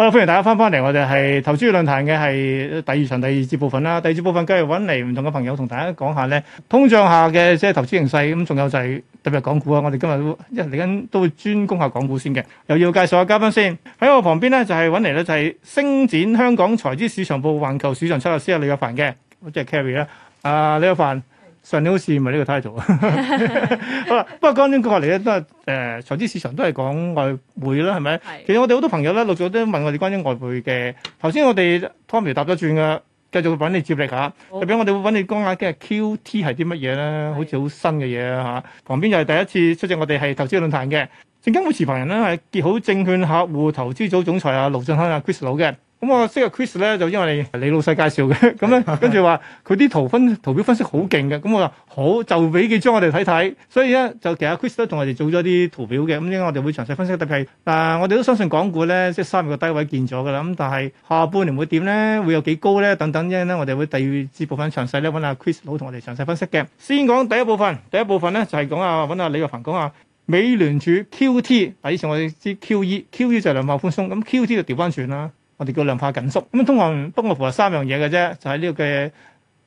好，歡迎大家翻翻嚟，我哋係投資論壇嘅係第二場第二節部分啦。第二節部分繼續揾嚟唔同嘅朋友同大家講下咧，通脹下嘅，即係投資形勢，咁仲有就係特別係港股啊。我哋今日一陣嚟緊都會專攻下港股先嘅，又要介紹下嘉賓先。喺我旁邊咧就係揾嚟咧就係星展香港財資市場部環球市場策略師阿李若凡嘅，好、啊，即係 Carry 啦，阿李若凡。上年好似唔係呢個 title 啊 吧，好啦，不過啱先過嚟咧都係誒財資市場都係講外匯啦，係咪？是其實我哋好多朋友咧陸續都問我哋關於外匯嘅。頭先我哋 Tommy 答咗轉噶，繼續揾你接力嚇。入邊好我哋會揾你講下嘅 QT 係啲乜嘢咧？好似好新嘅嘢嚇。是旁邊又係第一次出席我哋係投資論壇嘅，正經會持牌人咧係結好證券客戶投資組總裁阿、啊、盧駿匡阿、啊、Chris 佬嘅。咁我識阿 Chris 咧，就因為李老細介紹嘅，咁 咧跟住話佢啲圖分圖表分析好勁嘅，咁我話好就俾幾張我哋睇睇。所以咧就其實 Chris 都同我哋做咗啲圖表嘅，咁、嗯、應該我哋會詳細分析。特別係嗱、呃，我哋都相信港股咧，即係三月個低位見咗噶啦。咁、嗯、但係下半年會點咧？會有幾高咧？等等因咧，我哋會第二節部分詳細咧揾阿 Chris 佬同我哋詳細分析嘅。先講第一部分，第一部分咧就係、是、講啊，揾阿、啊、李若凡講下、啊、美聯儲 QT、啊。嗱，以前我哋知 QE，QE、e、就量化寬鬆，咁 QT 就調翻轉啦。我哋叫量化緊縮，咁通常不外乎係三樣嘢嘅啫，就係呢個嘅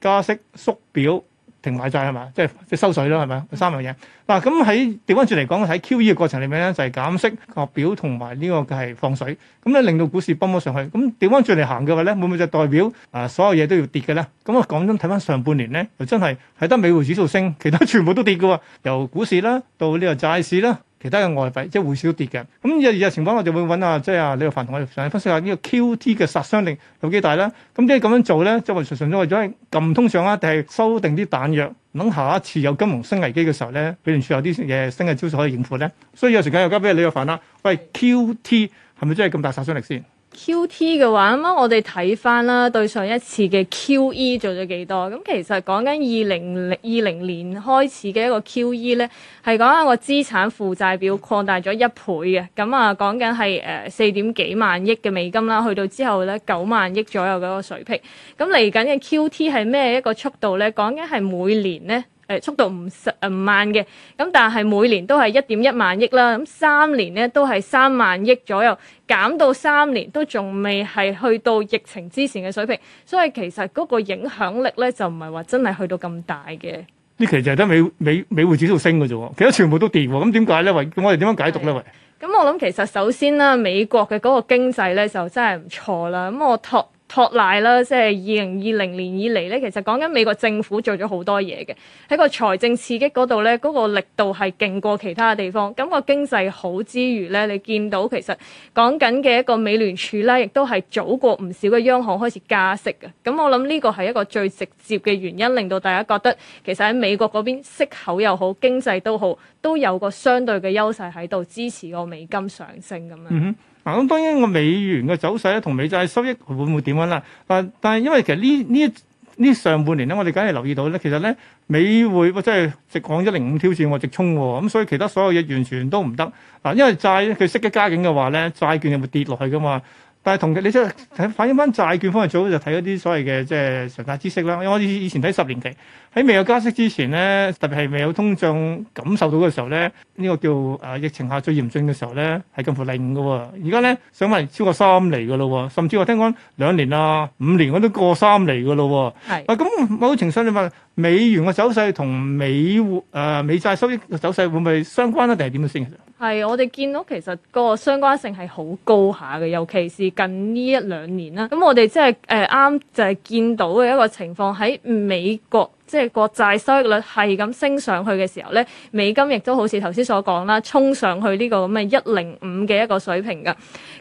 加息、縮表、停買債係嘛，即係即係收水咯，係嘛，三樣嘢。嗱，咁喺調翻轉嚟講，喺 QE 嘅過程裡面咧，就係減息、降表同埋呢個嘅係放水，咁咧令到股市泵咗上去。咁調翻轉嚟行嘅話咧，會唔會就代表啊所有嘢都要跌嘅咧？咁啊，講真，睇翻上半年咧，就真係係得美匯指數升，其他全部都跌嘅喎，由股市啦到呢個債市啦。其他嘅外幣即係匯市跌嘅，咁有日情況我哋會揾下即係啊李若凡同我詳細分析下呢個 QT 嘅殺傷力有幾大啦。咁即係咁樣做咧，即係純粹為咗撳通脹啦，定係修訂啲彈藥，諗下一次有金融新危機嘅時候咧，佢哋處有啲嘢新嘅招數可以應付咧。所以有時間又交俾李若凡啦。喂，QT 係咪真係咁大殺傷力先？QT 嘅話，咁我哋睇翻啦，對上一次嘅 QE 做咗幾多？咁其實講緊二零二零年開始嘅一個 QE 咧，係講緊個資產負債表擴大咗一倍嘅。咁啊，講緊係誒四點幾萬億嘅美金啦，去到之後咧九萬億左右嘅一個水平。咁嚟緊嘅 QT 係咩一個速度咧？講緊係每年咧。誒速度唔十誒唔慢嘅，咁但係每年都係一點一萬億啦，咁三年咧都係三萬億左右，減到三年都仲未係去到疫情之前嘅水平，所以其實嗰個影響力咧就唔係話真係去到咁大嘅。呢期就係得美美美匯指數升嘅啫喎，其他全部都跌喎，咁點解咧？喂，我哋點樣解讀咧？喂，咁我諗其實首先啦，美國嘅嗰個經濟咧就真係唔錯啦，咁我托。托奶啦，即係二零二零年以嚟咧，其實講緊美國政府做咗好多嘢嘅，喺個財政刺激嗰度咧，嗰個力度係勁過其他嘅地方。咁個經濟好之餘咧，你見到其實講緊嘅一個美聯儲咧，亦都係早過唔少嘅央行開始加息嘅。咁我諗呢個係一個最直接嘅原因，令到大家覺得其實喺美國嗰邊息口又好，經濟都好，都有個相對嘅優勢喺度支持個美金上升咁樣。嗯。嗱，咁當然個美元嘅走勢咧，同美債收益會唔會點樣啦？啊，但係因為其實呢呢呢上半年咧，我哋梗係留意到咧，其實咧美匯即係直往一零五挑戰，或直衝喎，咁所以其他所有嘢完全都唔得。嗱，因為債佢息得加緊嘅話咧，債券又會跌落去㗎嘛。但係同你即係睇反映翻債券方面，最好就睇嗰啲所謂嘅即係常態孳息啦。因為我以前睇十年期，喺未有加息之前咧，特別係未有通脹感受到嘅時候咧，呢個叫誒疫情下最嚴峻嘅時候咧，係近乎零㗎喎。而家咧上翻超過三釐㗎咯喎，甚至我聽講兩年啊、五年我都過三釐㗎咯喎。係啊，咁某程度上你話。美元嘅走勢同美誒、呃、美債收益嘅走勢會唔會相關咧、啊？定係點樣先，其係我哋見到其實個相關性係好高下嘅，尤其是近呢一兩年啦。咁我哋即係誒啱就係、是呃就是、見到嘅一個情況，喺美國即係、就是、國債收益率係咁升上去嘅時候咧，美金亦都好似頭先所講啦，衝上去呢個咁嘅一零五嘅一個水平嘅。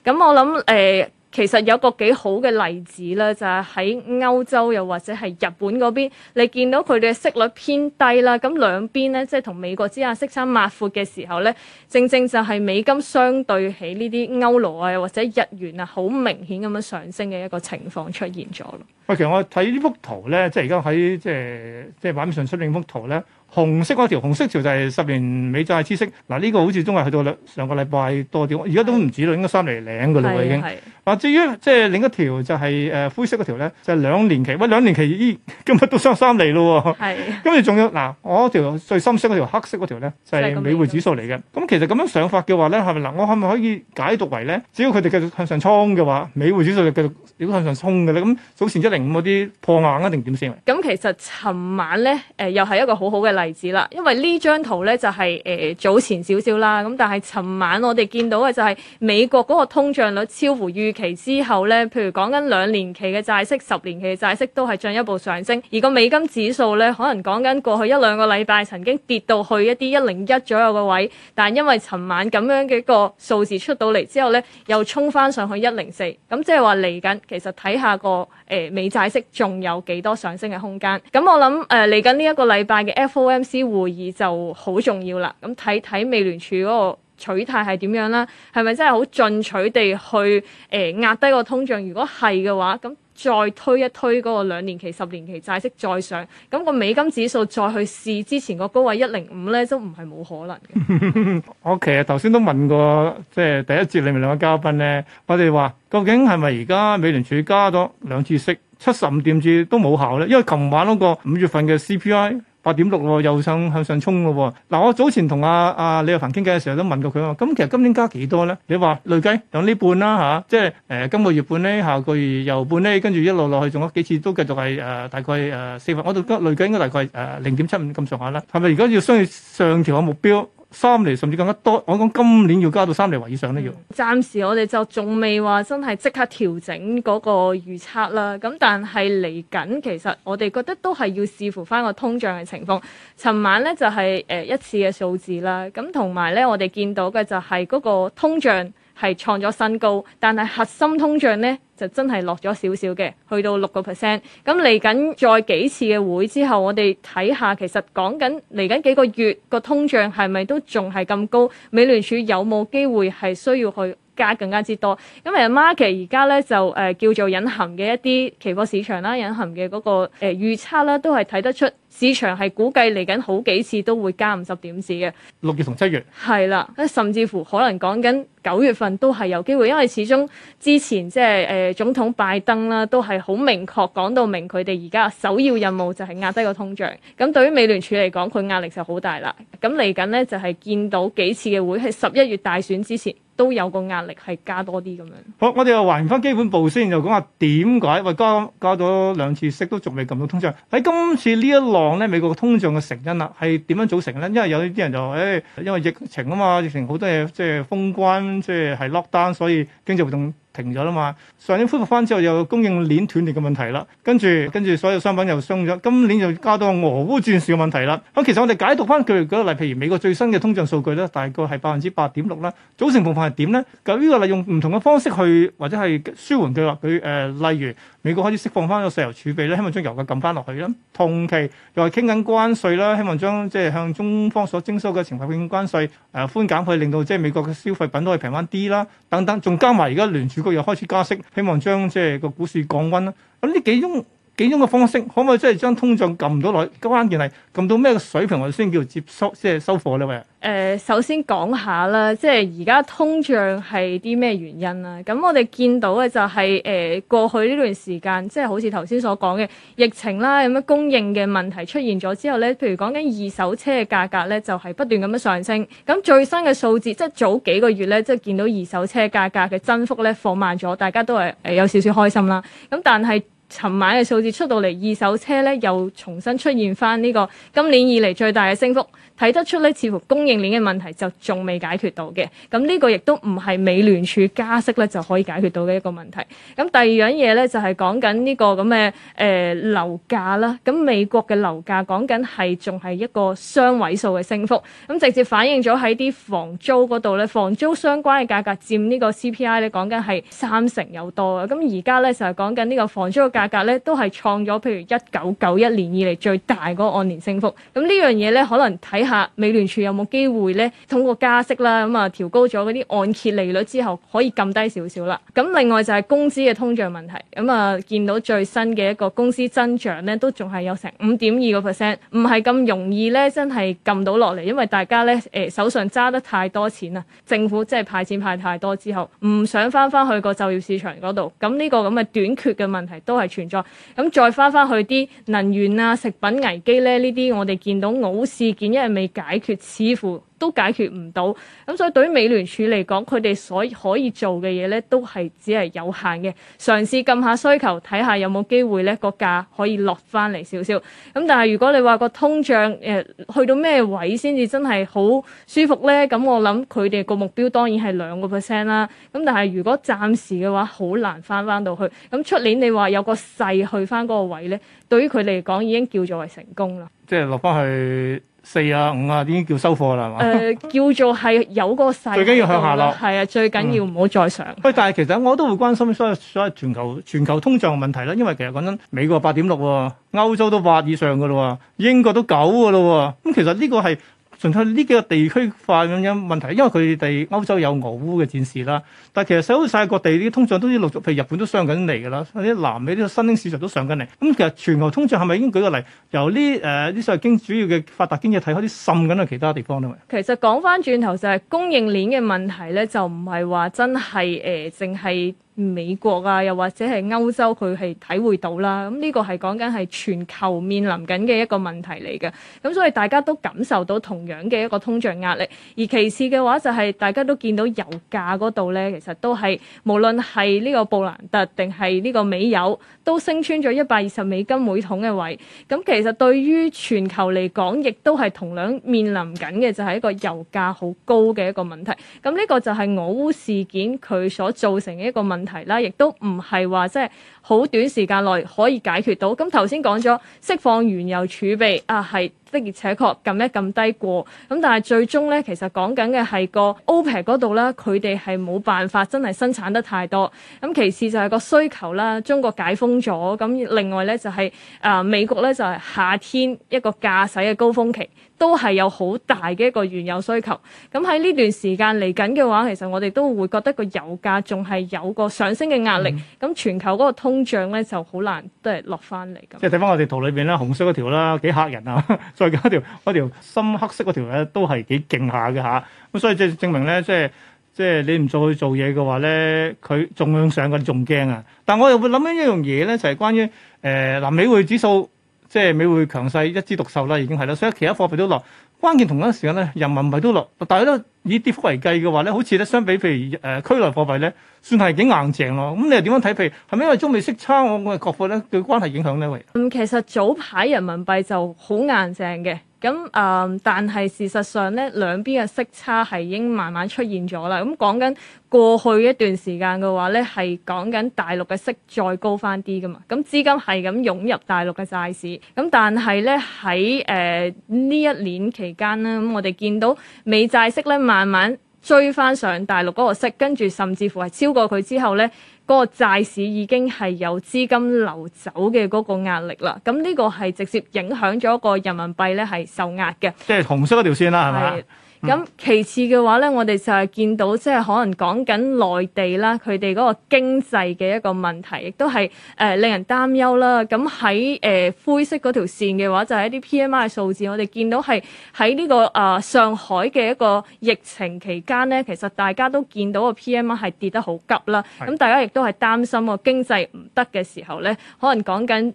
咁我諗誒。呃其實有個幾好嘅例子咧，就係、是、喺歐洲又或者係日本嗰邊，你見到佢哋嘅息率偏低啦，咁兩邊咧即係同美國之間息差抹闊嘅時候咧，正正就係美金相對起呢啲歐羅啊又或者日元啊，好明顯咁樣上升嘅一個情況出現咗咯。其實我睇呢幅圖咧，即係而家喺即係即係畫面上出呢幅圖咧，紅色嗰條紅色條就係十年美債孳息。嗱呢個好似都係去到兩上個禮拜多啲，而家都唔止啦，應該三釐零㗎喇喎已經。嗱是是 至於即係另一條就係、是、誒、呃、灰色嗰條咧，就係、是、兩年期。喂、哎、兩年期咦今日都升三厘咯喎。係是。咁仲有嗱我條最深色嗰條黑色嗰條咧，就係、是、美匯指數嚟嘅。咁其實咁樣想法嘅話咧，係咪嗱我係咪可以解讀為咧？只要佢哋繼續向上衝嘅話，美匯指數就繼續要向上衝嘅咧。咁早前一零。咁嗰啲破硬啊，定點先？咁其實尋晚呢，誒、呃、又係一個好好嘅例子啦。因為呢張圖呢，就係、是、誒、呃、早前少少啦。咁但係尋晚我哋見到嘅就係美國嗰個通脹率超乎預期之後呢，譬如講緊兩年期嘅債息、十年期嘅債息都係進一步上升。而個美金指數呢，可能講緊過去一兩個禮拜曾經跌到去一啲一零一左右嘅位，但因為尋晚咁樣嘅一個數字出到嚟之後呢，又衝翻上去一零四。咁即係話嚟緊，其實睇下個誒、呃美債息仲有幾多上升嘅空間？咁我諗誒，嚟緊呢一個禮拜嘅 FOMC 會議就好重要啦。咁睇睇美聯儲嗰個取態係點樣啦，係咪真係好進取地去誒壓低個通脹？如果係嘅話，咁再推一推嗰個兩年期、十年期債息再上，咁個美金指數再去試之前個高位一零五咧，都唔係冇可能嘅。我其實頭先都問過，即係第一節裏面兩個嘉賓咧，我哋話究竟係咪而家美聯儲加咗兩次息？七十五點子都冇效咧，因為琴晚嗰個五月份嘅 CPI 八點六又想向上衝咯喎。嗱，我早前同阿阿李若凡傾偈嘅時候都問過佢啊嘛。咁其實今年加幾多咧？你話累計兩呢半啦、啊、嚇、啊，即係誒、呃、今個月半咧、啊，下個月又半咧、啊，跟住一路落去，仲有幾次都繼續係誒、呃、大概誒、呃、四分。我度得累計應該大概誒零點七五咁上下啦。係咪而家要相應上調嘅目標？三釐甚至更加多，我講今年要加到三釐或以上都要。暫時我哋就仲未話真係即刻調整嗰個預測啦。咁但係嚟緊，其實我哋覺得都係要視乎翻個通脹嘅情況。尋晚咧就係誒一次嘅數字啦。咁同埋咧，我哋見到嘅就係嗰個通脹。係創咗新高，但係核心通脹咧就真係落咗少少嘅，去到六個 percent。咁嚟緊再幾次嘅會之後，我哋睇下其實講緊嚟緊幾個月個通脹係咪都仲係咁高？美聯儲有冇機會係需要去加更加之多咁，其實 market 而家咧就誒叫做隱含嘅一啲期貨市場啦，隱含嘅嗰個誒預測啦，都係睇得出市場係估計嚟緊好幾次都會加五十點子嘅，六月同七月係啦，甚至乎可能講緊九月份都係有機會，因為始終之前即係誒總統拜登啦，都係好明確講到明佢哋而家首要任務就係壓低個通脹，咁對於美聯儲嚟講，佢壓力就好大啦。咁嚟緊呢就係見到幾次嘅會，係十一月大選之前。都有個壓力係加多啲咁樣。好，我哋又還翻基本步先，就講下點解。喂，加加咗兩次息都仲未撳到通脹。喺今次呢一浪咧，美國嘅通脹嘅成因啦，係點樣組成咧？因為有啲人就誒、哎，因為疫情啊嘛，疫情好多嘢即係封關，即係係 lockdown，所以經濟活動。停咗啦嘛，上年恢復翻之後又有供應鏈斷裂嘅問題啦，跟住跟住所有商品又升咗，今年又加多俄烏戰事嘅問題啦。咁其實我哋解讀翻佢例，譬如美國最新嘅通脹數據咧，大概係百分之八點六啦，組成部分係點咧？咁呢個利用唔同嘅方式去或者係舒緩佢話佢誒，例如。美國開始釋放翻個石油儲備咧，希望將油價撳翻落去啦。同期又係傾緊關稅啦，希望將即係向中方所徵收嘅成品關稅誒、呃、寬減去，去令到即係美國嘅消費品都係平翻啲啦。等等，仲加埋而家聯儲局又開始加息，希望將即係個股市降溫啦。咁呢幾種。幾種嘅方式，可唔可以即係將通脹撳到落去？關鍵係撳到咩水平，我哋先叫接收，即係收貨呢喂，誒、呃，首先講下啦，即係而家通脹係啲咩原因啊？咁我哋見到嘅就係、是、誒、呃、過去呢段時間，即係好似頭先所講嘅疫情啦，有咩供應嘅問題出現咗之後咧，譬如講緊二手車嘅價格咧，就係、是、不斷咁樣上升。咁最新嘅數字，即係早幾個月咧，即係見到二手車價格嘅增幅咧放慢咗，大家都係誒有少少開心啦。咁但係，尋晚嘅數字出到嚟，二手車咧又重新出現返呢個今年以嚟最大嘅升幅。睇得出咧，似乎供應鏈嘅問題就仲未解決到嘅。咁呢個亦都唔係美聯儲加息咧就可以解決到嘅一個問題。咁第二樣嘢咧就係講緊呢個咁嘅誒樓價啦。咁美國嘅樓價講緊係仲係一個雙位數嘅升幅，咁直接反映咗喺啲房租嗰度咧，房租相關嘅價格佔呢個 CPI 咧講緊係三成有多啊。咁而家咧就係講緊呢個房租嘅價格咧都係創咗譬如一九九一年以嚟最大嗰個按年升幅。咁呢樣嘢咧可能睇。嚇，美聯儲有冇機會咧，通過加息啦，咁啊調高咗嗰啲按揭利率之後，可以撳低少少啦。咁另外就係工資嘅通脹問題，咁啊見到最新嘅一個工資增長咧，都仲係有成五點二個 percent，唔係咁容易咧，真係撳到落嚟，因為大家咧誒、呃、手上揸得太多錢啦，政府即係派錢派太多之後，唔想翻翻去個就業市場嗰度，咁呢個咁嘅短缺嘅問題都係存在。咁再翻翻去啲能源啊、食品危機咧，呢啲我哋見到澳事件一，未解決，似乎都解決唔到。咁、嗯、所以對於美聯儲嚟講，佢哋所可以做嘅嘢咧，都係只係有限嘅，嘗試撳下需求，睇下有冇機會咧，個價可以落翻嚟少少。咁、嗯、但係如果你話個通脹誒、呃、去到咩位先至真係好舒服咧？咁、嗯、我諗佢哋個目標當然係兩個 percent 啦。咁、嗯、但係如果暫時嘅話，好難翻翻到去。咁、嗯、出年你話有個勢去翻嗰個位咧，對於佢嚟講已經叫做係成功啦。即係落翻去。四啊五啊，已經叫收貨啦，係嘛、呃？誒， 叫做係有個勢，最緊要向下落，係啊，最緊要唔好再上、嗯。喂，但係其實我都會關心所，所謂全球全球通脹嘅問題啦。因為其實講緊，美國八點六喎，歐洲都八以上嘅啦喎，英國都九嘅啦喎，咁其實呢個係。純粹呢幾個地區化咁樣問題？因為佢哋歐洲有俄烏嘅戰事啦，但係其實世界各地啲通脹都已陸續，譬如日本都上緊嚟㗎啦，啲南美呢啲新興市場都上緊嚟。咁、嗯、其實全球通脹係咪已經舉個例由呢誒呢啲所謂經主要嘅發達經濟睇開啲滲緊去其他地方咧？其實講翻轉頭就係、是、供應鏈嘅問題咧，就唔係話真係誒淨係。呃美國啊，又或者係歐洲，佢係體會到啦。咁呢個係講緊係全球面臨緊嘅一個問題嚟嘅。咁所以大家都感受到同樣嘅一個通脹壓力。而其次嘅話，就係大家都見到油價嗰度咧，其實都係無論係呢個布蘭特定係呢個美油，都升穿咗一百二十美金每桶嘅位。咁其實對於全球嚟講，亦都係同樣面臨緊嘅就係一個油價好高嘅一個問題。咁呢個就係俄烏事件佢所造成嘅一個問題。係啦，亦都唔係話，即係好短時間內可以解決到。咁頭先講咗釋放原油儲備啊，係。的而且確撳一撳低過，咁但係最終咧，其實講緊嘅係個 OPEC 嗰度啦。佢哋係冇辦法真係生產得太多。咁其次就係個需求啦，中國解封咗，咁另外咧就係、是、啊、呃、美國咧就係夏天一個駕駛嘅高峰期，都係有好大嘅一個原油需求。咁喺呢段時間嚟緊嘅話，其實我哋都會覺得個油價仲係有個上升嘅壓力。咁、嗯、全球嗰個通脹咧就好難都係落翻嚟。嗯、即係睇翻我哋圖裏邊啦，紅色嗰條啦，幾嚇人啊！ 再加嗰條深黑色嗰條咧，都係幾勁下㗎吓，咁、啊、所以即係證明咧，即係即係你唔再去做嘢嘅話咧，佢仲上嘅仲驚啊！但我又會諗緊一樣嘢咧，就係、是、關於誒南、呃、美匯指數，即、就、係、是、美匯強勢一枝獨秀啦，已經係啦。所以其他貨幣都落。關鍵同樣時間咧，人民幣都落，但係都以跌幅為計嘅話咧，好似咧相比譬如誒區內貨幣咧，算係幾硬淨咯。咁、嗯、你又點樣睇？譬如係咪因為中美息差，我我係國貨咧對關係影響呢？喂，嗯，其實早排人民幣就好硬淨嘅。咁誒、嗯，但係事實上咧，兩邊嘅息差係已經慢慢出現咗啦。咁講緊過去一段時間嘅話咧，係講緊大陸嘅息再高翻啲噶嘛。咁、嗯、資金係咁湧入大陸嘅債市，咁、嗯、但係咧喺誒呢、呃、一年期間咧，咁、嗯、我哋見到美債息咧慢慢追翻上大陸嗰個息，跟住甚至乎係超過佢之後咧。嗰個債市已經係有資金流走嘅嗰個壓力啦，咁呢個係直接影響咗個人民幣咧係受壓嘅，即係紅色嗰條線啦，係咪啊？咁其次嘅話咧，我哋就係見到即係可能講緊內地啦，佢哋嗰個經濟嘅一個問題，亦都係誒令人擔憂啦。咁喺誒灰色嗰條線嘅話，就係一啲 PMI 數字，我哋見到係喺呢個啊上海嘅一個疫情期間咧，其實大家都見到個 PMI 係跌得好急啦。咁大家亦都係擔心個經濟唔得嘅時候咧，可能講緊誒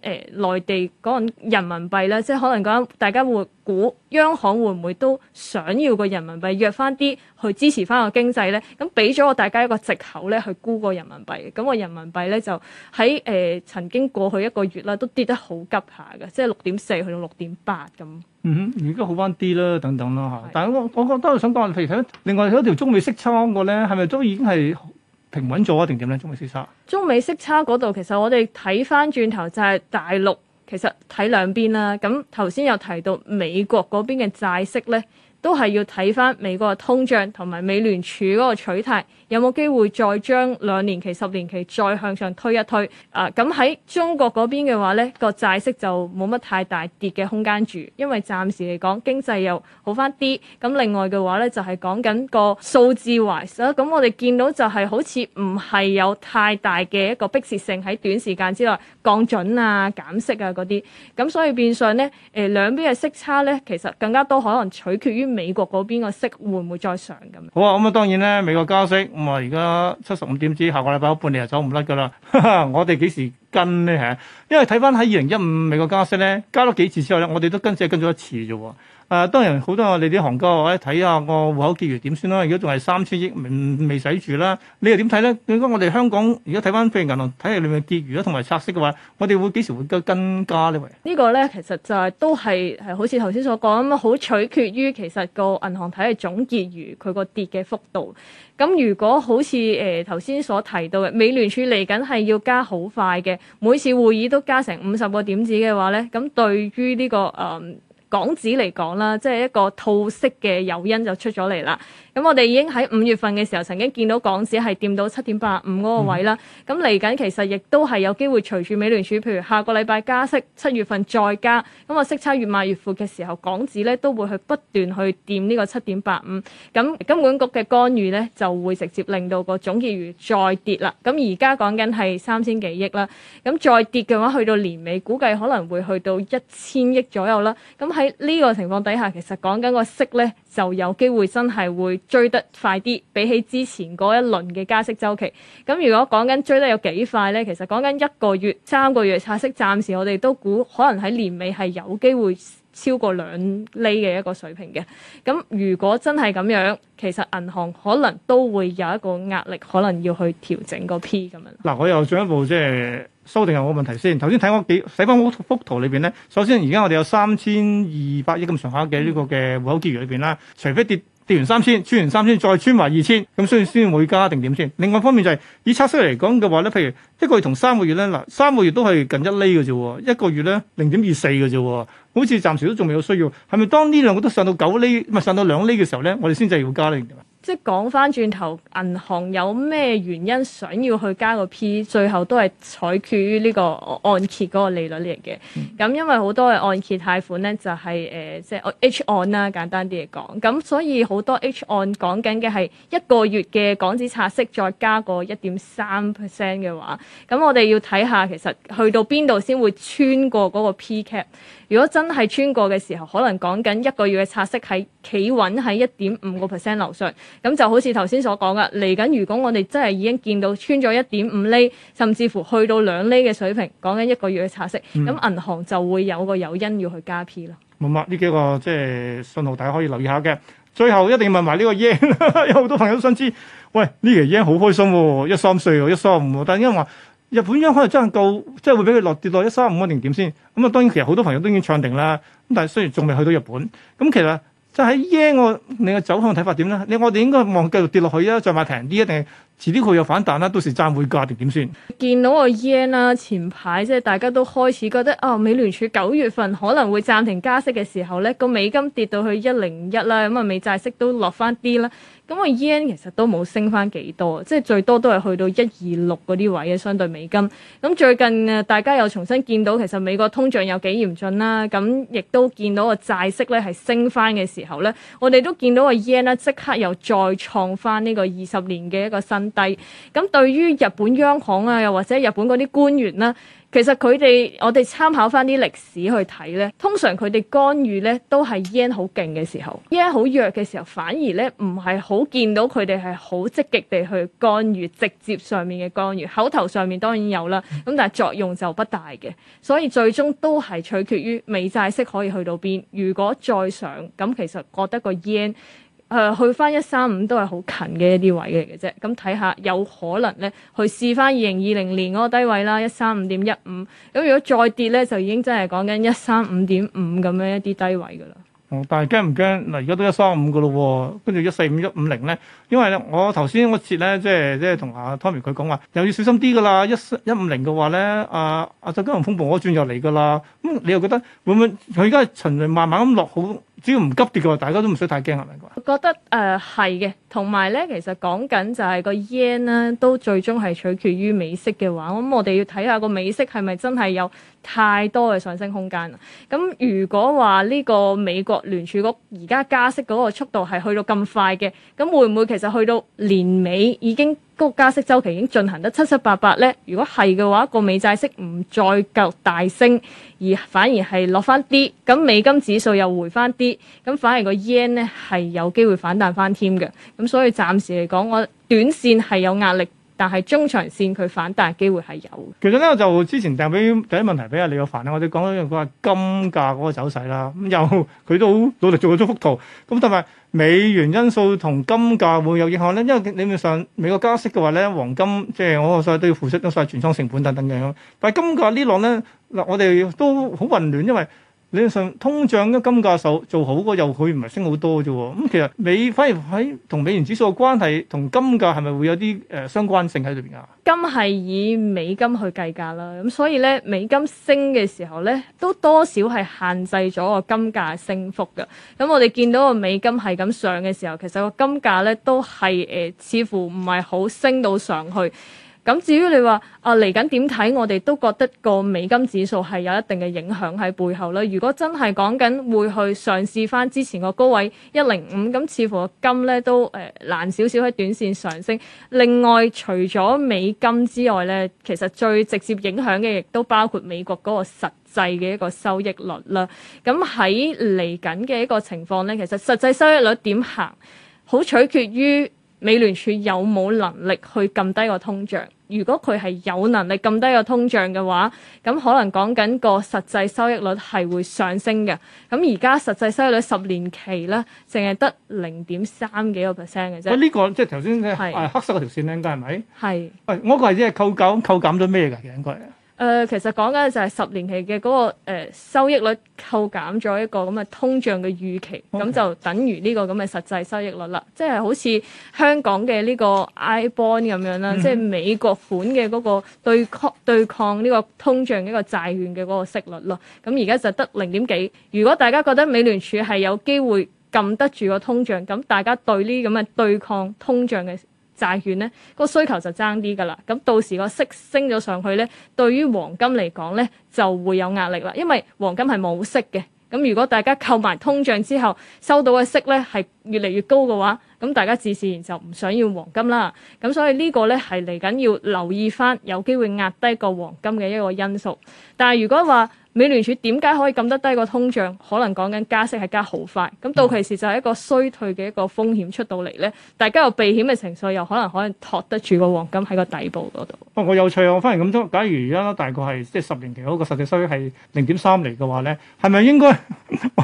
內地嗰個人民幣咧，即係可能講緊大家會估央行會唔會都想要個人民幣弱翻啲去支持翻個經濟咧？咁俾咗我大家一個藉口咧，去沽個人民幣。咁個人民幣咧就喺誒、呃、曾經過去一個月啦，都跌得好急下嘅，即係六點四去到六點八咁。嗯哼，而家好翻啲啦，等等啦嚇。是的 但係我我覺得我想講，譬如睇另外嗰條中美息差嗰咧，係咪都已經係平穩咗啊？定點咧？中美息差，中美息差嗰度其實我哋睇翻轉頭就係大陸。其實睇兩邊啦，咁頭先有提到美國嗰邊嘅債息咧，都係要睇返美國嘅通脹同埋美聯儲嗰個取態。有冇機會再將兩年期、十年期再向上推一推？啊、uh, 嗯，咁喺中國嗰邊嘅話咧，個債息就冇乜太大跌嘅空間住，因為暫時嚟講經濟又好翻啲。咁、嗯、另外嘅話咧，就係、是、講緊個數字化啦、啊。咁、嗯、我哋見到就係好似唔係有太大嘅一個迫切性喺短時間之內降準啊、減息啊嗰啲。咁、嗯、所以變相咧，誒、呃、兩邊嘅息差咧，其實更加多可能取決於美國嗰邊個息會唔會再上咁。好啊，咁啊當然咧，美國加息。咁啊！而家七十五點之下個禮拜一半你又走唔甩噶啦，哈哈，我哋幾時？跟咧係，因為睇返喺二零一五美國加息咧，加咗幾次之後咧，我哋都跟只跟咗一次啫喎。誒、啊，當然好多我哋啲行家話咧，睇、哎、下個戶口結餘點算啦。如果仲係三千億未未使住啦，你又點睇咧？如果我哋香港如果睇返譬如銀行體系裏面結餘咗同埋拆息嘅話，我哋會幾時會跟加呢？個呢個咧其實就係、是、都係係好似頭先所講咁好取決於其實個銀行體系總結餘佢個跌嘅幅度。咁如果好似誒頭先所提到嘅，美聯儲嚟緊係要加好快嘅。每次會議都加成五十個點子嘅話咧，咁對於呢個誒，嗯港紙嚟講啦，即係一個套息嘅誘因就出咗嚟啦。咁我哋已經喺五月份嘅時候曾經見到港紙係掂到七點八五嗰個位啦。咁嚟緊其實亦都係有機會隨住美聯儲，譬如下個禮拜加息，七月份再加，咁啊息差越賣越闊嘅時候，港紙咧都會去不斷去掂呢個七點八五。咁金管局嘅干預咧就會直接令到個總結餘再跌啦。咁而家講緊係三千幾億啦。咁再跌嘅話，去到年尾估計可能會去到一千億左右啦。咁喺呢個情況底下，其實講緊個息咧，就有機會真係會追得快啲，比起之前嗰一輪嘅加息週期。咁如果講緊追得有幾快咧，其實講緊一個月、三個月嘅拆息，暫時我哋都估可能喺年尾係有機會超過兩厘嘅一個水平嘅，咁如果真係咁樣，其實銀行可能都會有一個壓力，可能要去調整個 P 咁樣。嗱、嗯，我又進一步即係收定有冇問題先。頭先睇我幾睇翻幅幅圖裏邊咧，首先而家我哋有三千二百億咁上下嘅呢個嘅戶口結餘裏邊啦，除非跌。跌完三千，穿完三千，再穿埋二千，咁所以先會加定點先。另外一方面就係、是、以拆息嚟講嘅話咧，譬如一個月同三個月咧，嗱三個月都係近一厘嘅啫喎，一個月咧零點二四嘅啫喎，好似暫時都仲未有需要。係咪當呢兩個都上到九厘，咪上到兩厘嘅時候咧，我哋先就要加定？即係講翻轉頭，銀行有咩原因想要去加個 P，最後都係取決於呢個按揭嗰個利率嚟嘅。咁、嗯、因為好多嘅按揭貸款咧、就是，就係誒即係 H 按啦，簡單啲嚟講。咁所以好多 H 按講緊嘅係一個月嘅港紙拆息再加個一點三 percent 嘅話，咁我哋要睇下其實去到邊度先會穿過嗰個 P cap。如果真係穿過嘅時候，可能講緊一個月嘅拆息係企穩喺一點五個 percent 樓上，咁就好似頭先所講噶，嚟緊如果我哋真係已經見到穿咗一點五厘，甚至乎去到兩厘嘅水平，講緊一個月嘅拆息，咁銀行就會有個誘因要去加 P 咯。冇乜呢幾個即係信號，大家可以留意下嘅。最後一定要問埋呢個 yen 有好多朋友都想知，喂呢個 yen 好開心喎、啊，一三四喎，一三五，但因為話。日本央行可能真係夠，即係會俾佢落跌落一三五蚊定點先。咁啊，當然其實好多朋友都已經唱定啦。咁但係雖然仲未去到日本，咁其實即係喺 yen 我你嘅走向睇法點咧？你我哋應該望繼續跌落去啊，再買平啲一定係遲啲佢有反彈啦？到時暫會價跌點先。見到個 yen 啦、啊，前排即係大家都開始覺得啊、哦，美聯儲九月份可能會暫停加息嘅時候咧，個美金跌到去一零一啦，咁、嗯、啊美債息都落翻啲啦。咁啊，yen 其實都冇升翻幾多，即係最多都係去到一二六嗰啲位嘅相對美金。咁最近啊，大家又重新見到其實美國通脹有幾嚴峻啦，咁亦都見到個債息咧係升翻嘅時候咧，我哋都見到個 yen 咧即刻又再創翻呢個二十年嘅一個新低。咁對於日本央行啊，又或者日本嗰啲官員啦。其實佢哋我哋參考翻啲歷史去睇咧，通常佢哋干預咧都係 yen 好勁嘅時候，yen 好弱嘅時候，反而咧唔係好見到佢哋係好積極地去干預直接上面嘅干預，口頭上面當然有啦，咁但係作用就不大嘅，所以最終都係取決於美債息可以去到邊。如果再上咁，其實覺得個 yen。誒去翻一三五都係好近嘅一啲位嚟嘅啫，咁睇下有可能咧去試翻二零二零年嗰個低位啦，一三五點一五，咁如果再跌咧就已經真係講緊一三五點五咁樣一啲低位噶啦。哦、嗯，但係驚唔驚？嗱、啊，而家都一三五噶咯，跟住一四五一五零咧，因為咧我頭先嗰次咧即係即係同阿 Tommy 佢講話，又要小心啲噶啦，一一五零嘅話咧，阿阿周金龍風暴嗰轉又嚟噶啦。咁、嗯、你又覺得會唔會佢而家循循慢慢咁落好？只要唔急跌嘅話，大家都唔使太驚，係咪啊？覺得誒係嘅，同埋咧，其實講緊就係個 yen 咧、啊，都最終係取決於美息嘅話，咁、嗯、我哋要睇下個美息係咪真係有太多嘅上升空間啦。咁如果話呢個美國聯儲局而家加息嗰個速度係去到咁快嘅，咁會唔會其實去到年尾已經？個加息週期已經進行得七七八八咧。如果係嘅話，個美債息唔再夠大升，而反而係落返啲，咁美金指數又回返啲，咁反而個 yen 咧係有機會反彈返添嘅。咁所以暫時嚟講，我短線係有壓力。但係中長線佢反彈機會係有嘅。其實咧，我就之前掟俾第一問題俾阿李若凡啦，我哋講咗嗰個金價嗰個走勢啦。咁又佢都努力做咗幅圖。咁但係美元因素同金價會有影響咧，因為你面上美國加息嘅話咧，黃金即係、就是、我話曬都要付出咗曬全倉成本等等嘅。但係金價浪呢浪咧，嗱，我哋都好混亂，因為。理論上通脹嘅金價受做好個，又佢唔係升好多啫喎，咁其實美反而喺同美元指數嘅關係同金價係咪會有啲誒、呃、相關性喺裏邊啊？金係以美金去計價啦，咁、嗯、所以咧美金升嘅時候咧都多少係限制咗個金價升幅嘅。咁、嗯、我哋見到個美金係咁上嘅時候，其實個金價咧都係誒、呃、似乎唔係好升到上去。咁至於你話啊嚟緊點睇，我哋都覺得個美金指數係有一定嘅影響喺背後啦。如果真係講緊會去嘗試翻之前個高位一零五，咁似乎金咧都誒、呃、難少少喺短線上升。另外，除咗美金之外咧，其實最直接影響嘅亦都包括美國嗰個實際嘅一個收益率啦。咁喺嚟緊嘅一個情況咧，其實實際收益率點行，好取決於美聯儲有冇能力去撳低個通脹。如果佢係有能力咁低個通脹嘅話，咁可能講緊個實際收益率係會上升嘅。咁而家實際收益率十年期咧，淨係得零點三幾個 percent 嘅啫。咁呢個即係頭先即係黑色嗰條線咧，應該係咪？係。喂，我個係即係扣減扣減咗咩㗎？應該係。誒、呃，其實講緊就係十年期嘅嗰、那個誒、呃、收益率扣減咗一個咁嘅通脹嘅預期，咁 Okay. 就等於呢個咁嘅實際收益率啦。即係好似香港嘅呢個 I bond 咁樣啦，即係、嗯、美國款嘅嗰個對抗對抗呢個通脹嘅一個債券嘅嗰個息率啦。咁而家就得零點幾。如果大家覺得美聯儲係有機會撳得住個通脹，咁大家對呢啲咁嘅對抗通脹嘅債券咧、個需求就爭啲噶啦，咁到時個息，息升咗上去咧，對於黃金嚟講咧就會有壓力啦，因為黃金係冇息嘅。咁如果大家扣埋通脹之後收到嘅息咧係越嚟越高嘅話，咁大家自自然就唔想要黃金啦。咁所以呢個咧係嚟緊要留意翻有機會壓低個黃金嘅一個因素。但係如果話，美聯儲點解可以撳得低個通脹？可能講緊加息係加好快，咁到期時就係一個衰退嘅一個風險出到嚟咧。大家有避險嘅情緒又可能可能托得住個黃金喺個底部嗰度。不過、嗯、我有趣我反而咁多。假如而家大概係即係十年期嗰個實際收益率係零點三嚟嘅話咧，係咪應該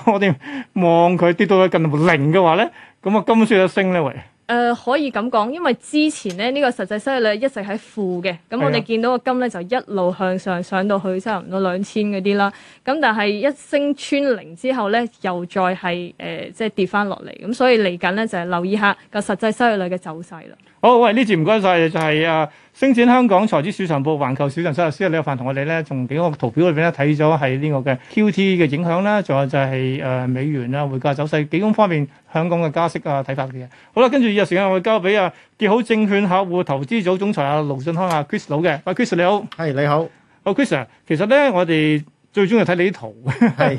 我哋望佢跌到去近零嘅話咧，咁啊金需要一升咧？喂！誒、呃、可以咁講，因為之前咧呢、呢個實際收益率一直喺負嘅，咁的我哋見到個金咧就一路向上，上，上到去差唔多兩千嗰啲啦。咁但係一升穿零之後咧，又再係誒即係跌翻落嚟，咁所以嚟緊咧就係、是、留意下個實際收益率嘅走勢啦。好，喂！呢節唔該曬，就係啊，星展香港財資市場部環球市場策略師李若凡同我哋咧，從幾個圖表裏邊咧睇咗係呢個嘅 QT 嘅影響咧，仲有就係誒美元啦，匯價走勢，幾種方面香港嘅加息啊睇法嘅嘢。好啦，跟住有時間我會交俾啊結好證券客戶投資組總裁啊盧駿匡啊 Chris 佬嘅，啊 Chris 你好，係你好，好，Chris 啊，其實咧我哋。最中意睇你啲圖嘅。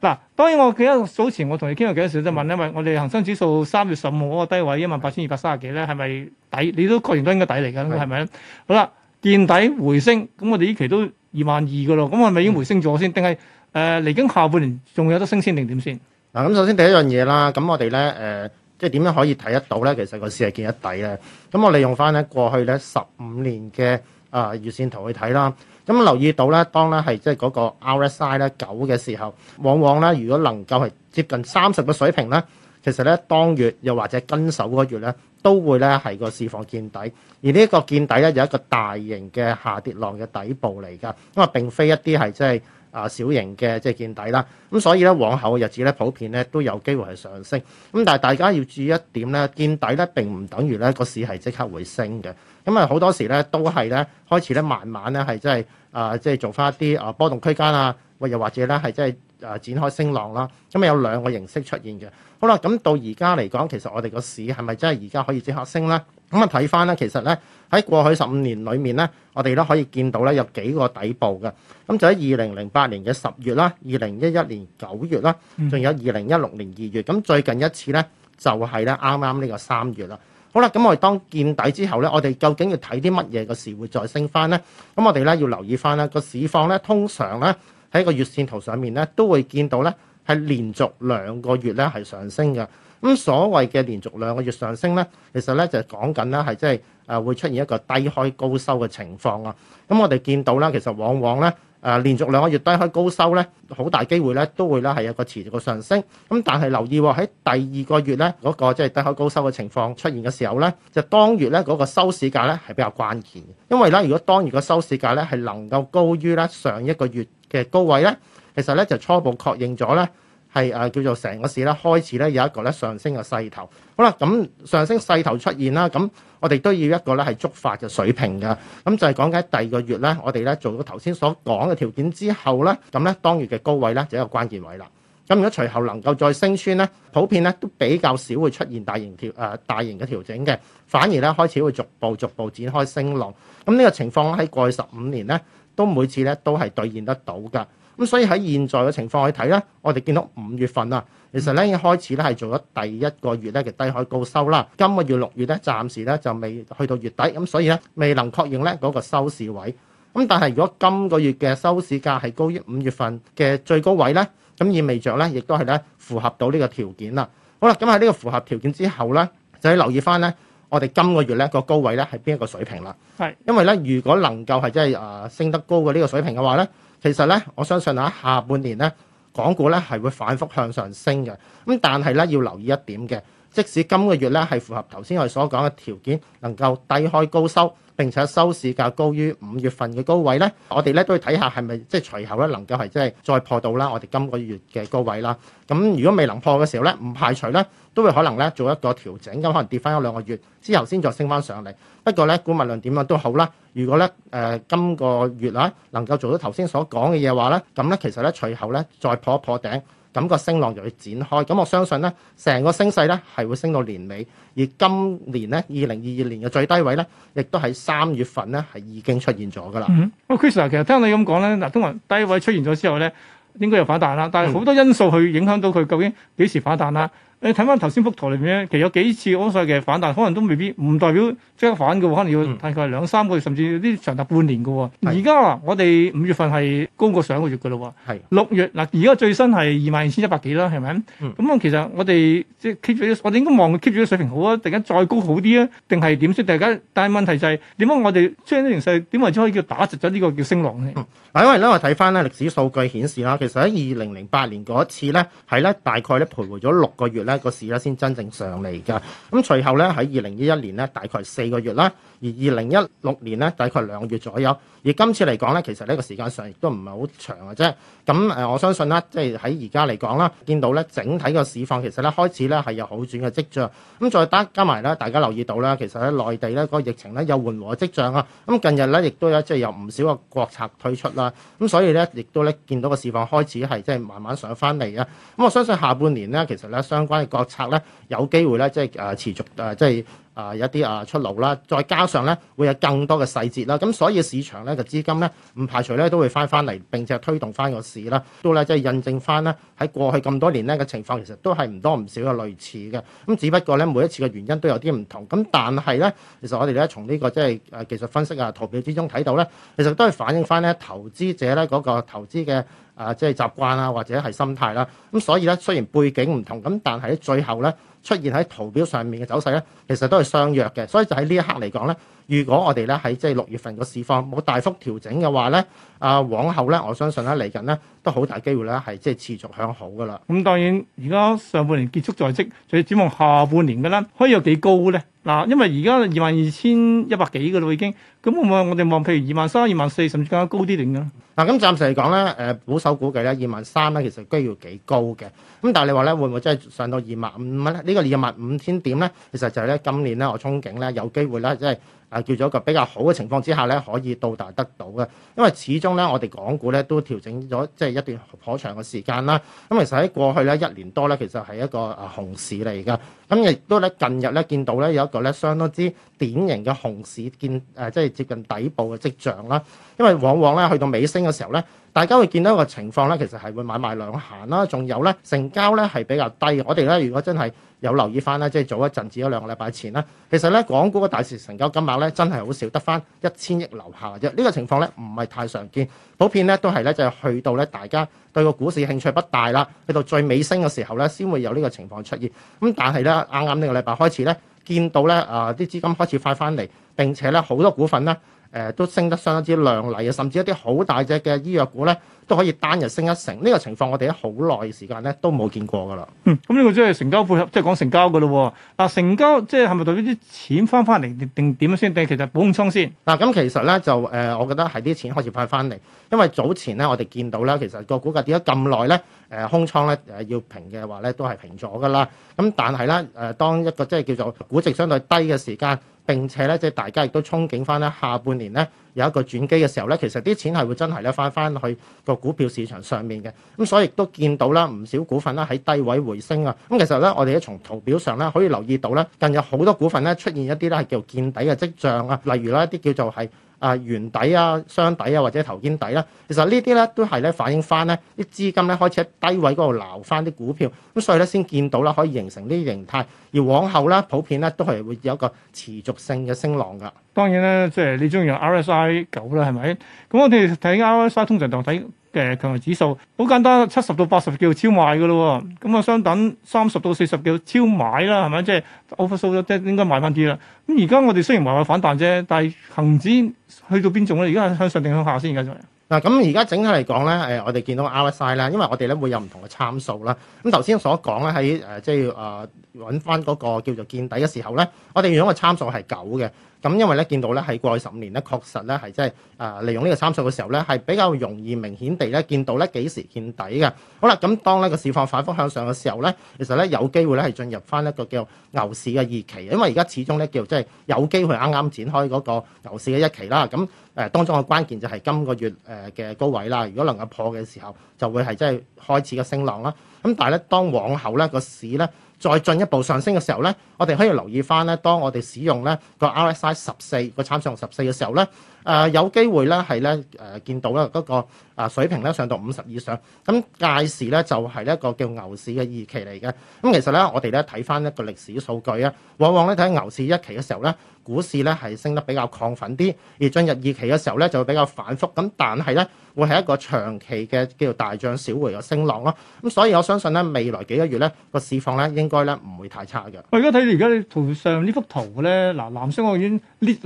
嗱， 當然我記得早前我同你傾過幾多次，就問咧，咪、嗯、我哋恆生指數三月十五嗰個低位一萬八千二百三十幾咧，係咪底？你都確認都應該底嚟㗎，係咪是好啦，見底回升，咁我哋呢期都二萬二個咯，咁係咪已經回升咗先？定係誒嚟緊下半年仲有得升先定點先？嗱，咁首先第一樣嘢啦，咁我哋咧誒，即係點樣可以睇得到咧？其實個市係見底咧。咁我利用翻咧過去咧十五年嘅。啊，月線圖去睇啦，咁留意到咧，當咧係即係嗰個 RSI 咧九嘅時候，往往咧如果能夠係接近三十個水平咧，其實咧當月又或者跟手嗰月咧都會咧係個市況見底，而呢一個見底咧有一個大型嘅下跌浪嘅底部嚟㗎，因為並非一啲係即係。啊，小型嘅即係見底啦，咁所以咧往後嘅日子咧，普遍咧都有機會係上升。咁但係大家要注意一點咧，見底咧並唔等於咧個市係即刻會升嘅。咁啊好多時咧都係咧開始咧慢慢咧係即係啊即係做翻一啲啊波動區間啊，或又或者咧係即係啊展開升浪啦。咁啊有兩個形式出現嘅。好啦，咁到而家嚟講，其實我哋個市係咪真係而家可以即刻升咧？咁啊睇翻咧，其實咧。喺過去十五年裏面咧，我哋都可以見到咧有幾個底部嘅。咁就喺二零零八年嘅十月啦，二零一一年九月啦，仲有二零一六年二月。咁最近一次咧就係咧啱啱呢個三月啦。好啦，咁我哋當見底之後咧，我哋究竟要睇啲乜嘢個時會再升翻咧？咁我哋咧要留意翻啦個市況咧，通常咧喺個月線圖上面咧都會見到咧係連續兩個月咧係上升嘅。咁所謂嘅連續兩個月上升咧，其實咧就講緊啦，係即係誒會出現一個低開高收嘅情況啊！咁我哋見到啦，其實往往咧誒連續兩個月低開高收咧，好大機會咧都會咧係有個持續嘅上升。咁但係留意喎，喺第二個月咧嗰個即係低開高收嘅情況出現嘅時候咧，就當月咧嗰個收市價咧係比較關鍵嘅，因為咧如果當月個收市價咧係能夠高於咧上一個月嘅高位咧，其實咧就初步確認咗咧。係誒叫做成個市咧開始咧有一個咧上升嘅勢頭好，好啦，咁上升勢頭出現啦，咁我哋都要一個咧係觸發嘅水平嘅，咁就係講緊第二個月咧，我哋咧做咗頭先所講嘅條件之後咧，咁咧當月嘅高位咧就一個關鍵位啦。咁如果隨後能夠再升穿咧，普遍咧都比較少會出現大型調誒大型嘅調整嘅，反而咧開始會逐步逐步展開升浪。咁呢個情況喺過去十五年咧都每次咧都係兌現得到㗎。咁所以喺現在嘅情況去睇咧，我哋見到五月份啊，其實咧已經開始咧係做咗第一個月咧嘅低開高收啦。今個月六月咧，暫時咧就未去到月底，咁所以咧未能確認咧嗰個收市位。咁但係如果今個月嘅收市價係高於五月份嘅最高位咧，咁意味着咧亦都係咧符合到呢個條件啦。好啦，咁喺呢個符合條件之後咧，就要留意翻咧我哋今個月咧個高位咧係邊一個水平啦。係，因為咧如果能夠係即係啊升得高嘅呢個水平嘅話咧。其實呢，我相信喺下半年呢，港股呢係會反覆向上升嘅。咁但係呢，要留意一點嘅。即使今個月咧係符合頭先我哋所講嘅條件，能夠低開高收，並且收市價高於五月份嘅高位咧，我哋咧都要睇下係咪即係隨後咧能夠係即係再破到啦，我哋今個月嘅高位啦。咁如果未能破嘅時候咧，唔排除咧都會可能咧做一個調整，咁可能跌翻一兩個月之後先再升翻上嚟。不過咧，股物論點樣都好啦。如果咧誒今個月啦能夠做到頭先所講嘅嘢話咧，咁咧其實咧隨後咧再破一破頂。咁個升浪又去展開，咁我相信咧，成個升勢咧係會升到年尾，而今年咧，二零二二年嘅最低位咧，亦都喺三月份咧係已經出現咗㗎啦。Mm hmm. Well, Chris, 啊 Chris 其實聽你咁講咧，嗱，通常低位出現咗之後咧，應該又反彈啦，但係好多因素去影響到佢究竟幾時反彈啦。你睇翻頭先幅圖裏面咧，其實有幾次安賽嘅反彈，可能都未必唔代表即刻反嘅喎，可能要大概兩三個月，甚至啲長達半年嘅喎。而家啊，我哋五月份係高過上個月嘅咯喎。六是的 月嗱，而家最新係二萬二千一百幾啦，係咪？咁、嗯、其實我哋即係 keep 住我哋應該望佢 keep 住個水平好啊？突然間再高好啲啊？定係點先？突然間，但係問題就係點解我哋將呢形勢點為之可以叫打直咗呢個叫升浪咧？嗱，因為咧，我睇翻咧歷史數據顯示啦，其實喺二零零八年嗰次咧，係咧大概咧徘徊咗六個月咧。一個市咧先真正上嚟噶。咁隨後咧喺二零一一年咧，大概四個月啦。而二零一六年咧，大概兩月左右。而今次嚟講咧，其實呢個時間上亦都唔係好長嘅啫。咁誒，我相信啦，即係喺而家嚟講啦，見到咧整體嘅市況其實咧開始咧係有好轉嘅跡象。咁再加加埋咧，大家留意到啦，其實喺內地咧嗰個疫情咧有緩和嘅跡象啊。咁近日咧亦都有即係有唔少嘅國策推出啦。咁所以咧，亦都咧見到個市況開始係即係慢慢上返嚟啊。咁我相信下半年咧，其實咧相關嘅國策咧有機會咧即係誒持續誒即係。就是啊，一啲啊出爐啦，再加上咧，會有更多嘅細節啦。咁所以市場咧，嘅資金咧，唔排除咧，都會翻翻嚟，並且推動翻個市啦。都咧，即係印證翻咧，喺過去咁多年咧嘅情況，其實都係唔多唔少嘅類似嘅。咁只不過咧，每一次嘅原因都有啲唔同。咁但係咧，其實我哋咧從呢個即係啊技術分析啊圖表之中睇到咧，其實都係反映翻咧投資者咧嗰個投資嘅啊即係習慣啊或者係心態啦。咁所以咧，雖然背景唔同，咁但係咧最後咧，出現喺圖表上面嘅走勢咧，其實都係相約嘅，所以就喺呢一刻嚟講咧，如果我哋咧喺即係六月份個市況冇大幅調整嘅話咧，啊往後咧我相信咧嚟緊咧都好大機會咧係即係持續向好噶啦。咁當然而家上半年結束在即，最展望下半年噶啦，可以有幾高咧？嗱，因為而家二萬二千一百幾嘅咯，已經咁會唔會我哋望譬如二萬三、二萬四，甚至更加高啲點樣？嗱、啊，咁暫時嚟講咧，誒保守估計咧，二萬三咧其實都要幾高嘅。咁但係你話咧，會唔會真係上到二萬五蚊咧？這個、25，呢個二萬五千點咧，其實就係咧今年咧，我憧憬咧，有機會咧，即、就、係、是。係叫咗個比較好嘅情況之下咧，可以到達得到嘅。因為始終咧，我哋港股咧都調整咗即係一段頗長嘅時間啦。咁其實喺過去咧一年多咧，其實係一個啊熊市嚟㗎。咁亦都咧近日咧見到咧有一個咧相當之典型嘅熊市見誒，即係接近底部嘅跡象啦。因為往往咧去到尾聲嘅時候咧。大家會見到一個情況咧，其實係會買賣兩行啦，仲有咧成交咧係比較低。我哋咧如果真係有留意翻咧，即係早一陣子，咗兩個禮拜前啦。其實咧港股嘅大市成交金額咧真係好少得翻一千億樓下啫。呢個情況咧唔係太常見，普遍咧都係咧就係去到咧大家對個股市興趣不大啦，去到最尾升嘅時候咧先會有呢個情況出現。咁但係咧啱啱呢個禮拜開始咧，見到咧啊啲資金開始快翻嚟，並且咧好多股份咧。誒都升得相當之亮麗啊！甚至一啲好大隻嘅醫藥股咧，都可以單日升一成。呢、這個情況我哋喺好耐嘅時間咧都冇見過㗎啦。嗯，咁、這、呢個即係成交配合，即係講成交㗎咯。嗱、啊，成交即係係咪代表啲錢翻翻嚟定點先？定、啊、其實保空倉先？嗱，咁其實咧就誒，我覺得係啲錢開始快翻嚟，因為早前咧我哋見到咧，其實個股價跌咗咁耐咧，誒、呃、空倉咧誒要平嘅話咧都係平咗㗎啦。咁但係咧誒，當一個即係叫做估值相對低嘅時間。並且咧，即係大家亦都憧憬翻咧，下半年咧有一個轉機嘅時候咧，其實啲錢係會真係咧，翻翻去個股票市場上面嘅。咁所以亦都見到啦，唔少股份啦喺低位回升啊。咁其實咧，我哋咧從圖表上咧可以留意到咧，近日好多股份咧出現一啲咧係叫做見底嘅跡象啊。例如啦，一啲叫做係。啊，圓底啊、雙底啊或者頭肩底啦、啊，其實呢啲咧都係咧反映翻咧啲資金咧開始喺低位嗰度撈翻啲股票，咁所以咧先見到啦，可以形成呢啲形態，而往後咧普遍咧都係會有一個持續性嘅升浪噶。當然啦，即係你中意用 RSI 九啦，係咪、SI？咁我哋睇 RSI 通常當睇。嘅強弱指數，好簡單，七十到八十叫超賣嘅咯喎，咁啊相等三十到四十叫超買啦，係咪？即係 over sold 即係應該買翻啲啦。咁而家我哋雖然話有反彈啫，但係恒指去到邊種咧？而家係向上定向下先？而家嗱，咁而家整體嚟講咧，誒，我哋見到 RSI 啦，因為我哋咧會有唔同嘅參數啦。咁頭先所講咧喺誒，即係啊。呃揾翻嗰個叫做見底嘅時候咧，我哋用個參數係九嘅。咁因為咧，見到咧係過去十五年咧，確實咧係即係誒利用呢個參數嘅時候咧，係比較容易明顯地咧見到咧幾時見底嘅。好啦，咁當呢個市況反覆向上嘅時候咧，其實咧有機會咧係進入翻一個叫牛市嘅二期，因為而家始終咧叫即係有機會啱啱展開嗰個牛市嘅一期啦。咁誒當中嘅關鍵就係今個月誒嘅高位啦。如果能夠破嘅時候，就會係即係開始嘅升浪啦。咁但係咧，當往後咧個市咧。再進一步上升嘅時候呢，我哋可以留意翻呢，當我哋使用呢個 RSI 十四個參數十四嘅時候呢。誒、呃、有機會咧，係咧誒見到咧嗰個啊水平咧上到五十以上，咁屆時咧就係、是、一個叫牛市嘅二期嚟嘅。咁其實咧，我哋咧睇翻一個歷史數據啊，往往咧睇牛市一期嘅時候咧，股市咧係升得比較亢奮啲，而進入二期嘅時候咧就會比較反覆。咁但係咧，會係一個長期嘅叫做大漲小回嘅升浪咯。咁所以我相信咧，未來幾個月咧個市況咧應該咧唔會太差嘅。我而家睇到而家圖上呢幅圖咧，嗱藍色我已經 l i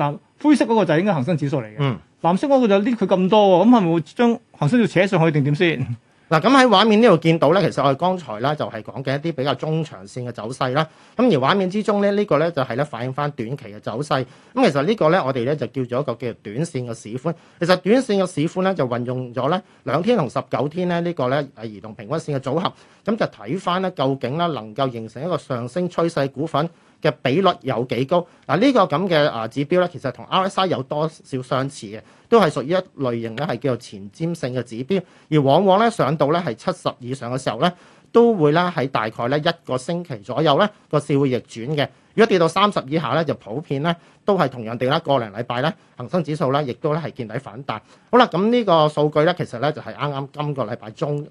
灰色嗰個就應該恒生指數嚟嘅，嗯，藍色嗰個就呢佢咁多喎，咁係咪會將恒生指數扯上去定點先？嗱，咁喺畫面呢度見到咧，其實我哋剛才咧就係講嘅一啲比較中長線嘅走勢啦。咁而畫面之中咧，呢個咧就係咧反映翻短期嘅走勢。咁其實呢個咧，我哋咧就叫做一個叫做短線嘅市寬。其實短線嘅市寬咧就運用咗咧兩天同十九天咧呢個咧誒移動平均線嘅組合，咁就睇翻咧究竟咧能夠形成一個上升趨勢股份嘅比率有幾高？嗱，呢個咁嘅啊指標咧，其實同 RSI 有多少相似嘅，都係屬於一類型咧，係叫做前瞻性嘅指標。而往往咧上到咧係七十以上嘅時候咧，都會咧喺大概咧一個星期左右咧，個市會逆轉嘅。如果跌到三十以下咧，就普遍咧。都係同樣地啦，個零禮拜咧，恆生指數咧，亦都咧係見底反彈。好啦，咁呢個數據咧，其實咧就係啱啱今個禮拜中誒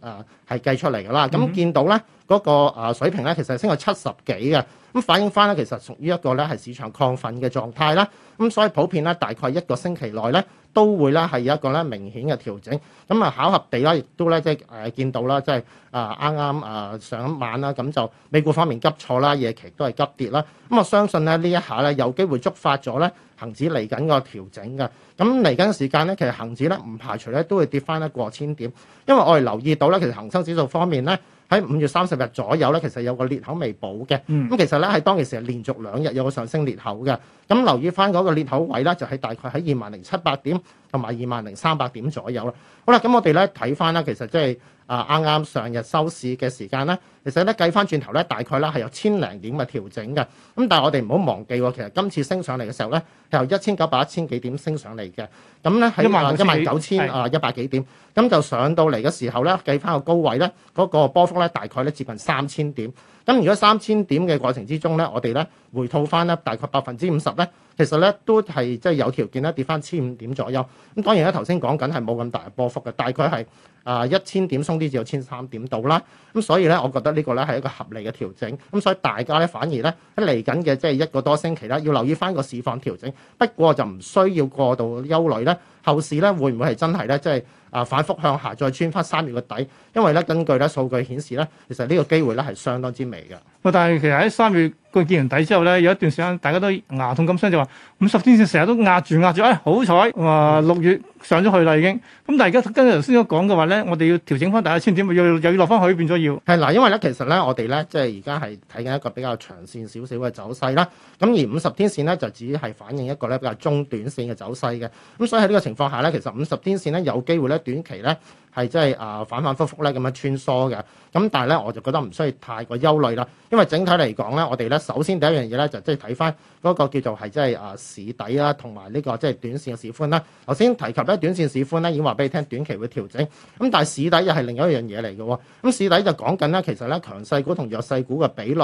係計出嚟噶啦。咁見到咧嗰個誒水平咧，其實係升到七十幾嘅。咁反映翻咧，其實屬於一個咧係市場亢奮嘅狀態啦。咁所以普遍咧，大概一個星期內咧都會咧係有一個咧明顯嘅調整。咁啊巧合地啦，亦都咧即係誒見到啦，即係啊啱啱啊上一晚啦，咁就美股方面急挫啦，夜期都係急跌啦。咁我相信咧呢一下咧有機會觸發咗咧，恆指嚟緊個調整嘅，咁嚟緊時間咧，其實恒指咧唔排除咧都會跌翻咧過千點，因為我哋留意到咧，其實恒生指數方面咧，喺五月三十日左右咧，其實有個裂口未補嘅，咁、嗯、其實咧喺當其時係連續兩日有個上升裂口嘅，咁留意翻嗰個裂口位咧，就係大概喺二萬零七百點同埋二萬零三百點左右啦。好啦，咁我哋咧睇翻啦，其實即係。啊啱啱上日收市嘅時間咧，其實咧計翻轉頭咧，大概咧係有千零點嘅調整嘅。咁但係我哋唔好忘記，其實今次升上嚟嘅時候咧，係由一千九百一千幾點升上嚟嘅。咁咧喺一萬九千啊一百幾點，咁就上到嚟嘅時候咧，計翻個高位咧，嗰個波幅咧大概咧接近三千點。咁如果三千點嘅過程之中咧，我哋咧回吐翻咧大概百分之五十咧。呢其實咧都係即係有條件咧跌翻千五點左右，咁當然咧頭先講緊係冇咁大波幅嘅，大概係啊一千點鬆啲至到千三點度啦，咁所以咧我覺得呢個咧係一個合理嘅調整，咁所以大家咧反而咧喺嚟緊嘅即係一個多星期啦，要留意翻個市況調整，不過就唔需要過度憂慮咧，後市咧會唔會係真係咧即係？就是啊，反覆向下再穿翻三月嘅底，因為咧根據咧數據顯示咧，其實個機呢個機會咧係相當之微嘅。喂，但係其實喺三月佢、那個、見完底之後咧，有一段時間大家都牙痛咁聲就話五十天線成日都壓住壓住，誒、哎、好彩話六月上咗去啦已經。咁但係而家跟住頭先所講嘅話咧，我哋要調整翻大家千點，又要落翻去變咗要係嗱，因為咧其實咧我哋咧即係而家係睇緊一個比較長線少少嘅走勢啦。咁而五十天線咧就只係反映一個咧比較中短線嘅走勢嘅。咁所以喺呢個情況下咧，其實五十天線咧有機會咧。短期咧。係即係啊反反覆覆咧咁樣穿梭嘅，咁但係咧我就覺得唔需要太過憂慮啦，因為整體嚟講咧，我哋咧首先第一樣嘢咧就即係睇返嗰個叫做係即係啊市底啦，同埋呢個即係短線嘅市寬啦。頭先提及咧短線市寬咧已經話俾你聽短期會調整，咁但係市底又係另一樣嘢嚟嘅喎。咁市底就講緊咧其實咧強勢股同弱勢股嘅比率，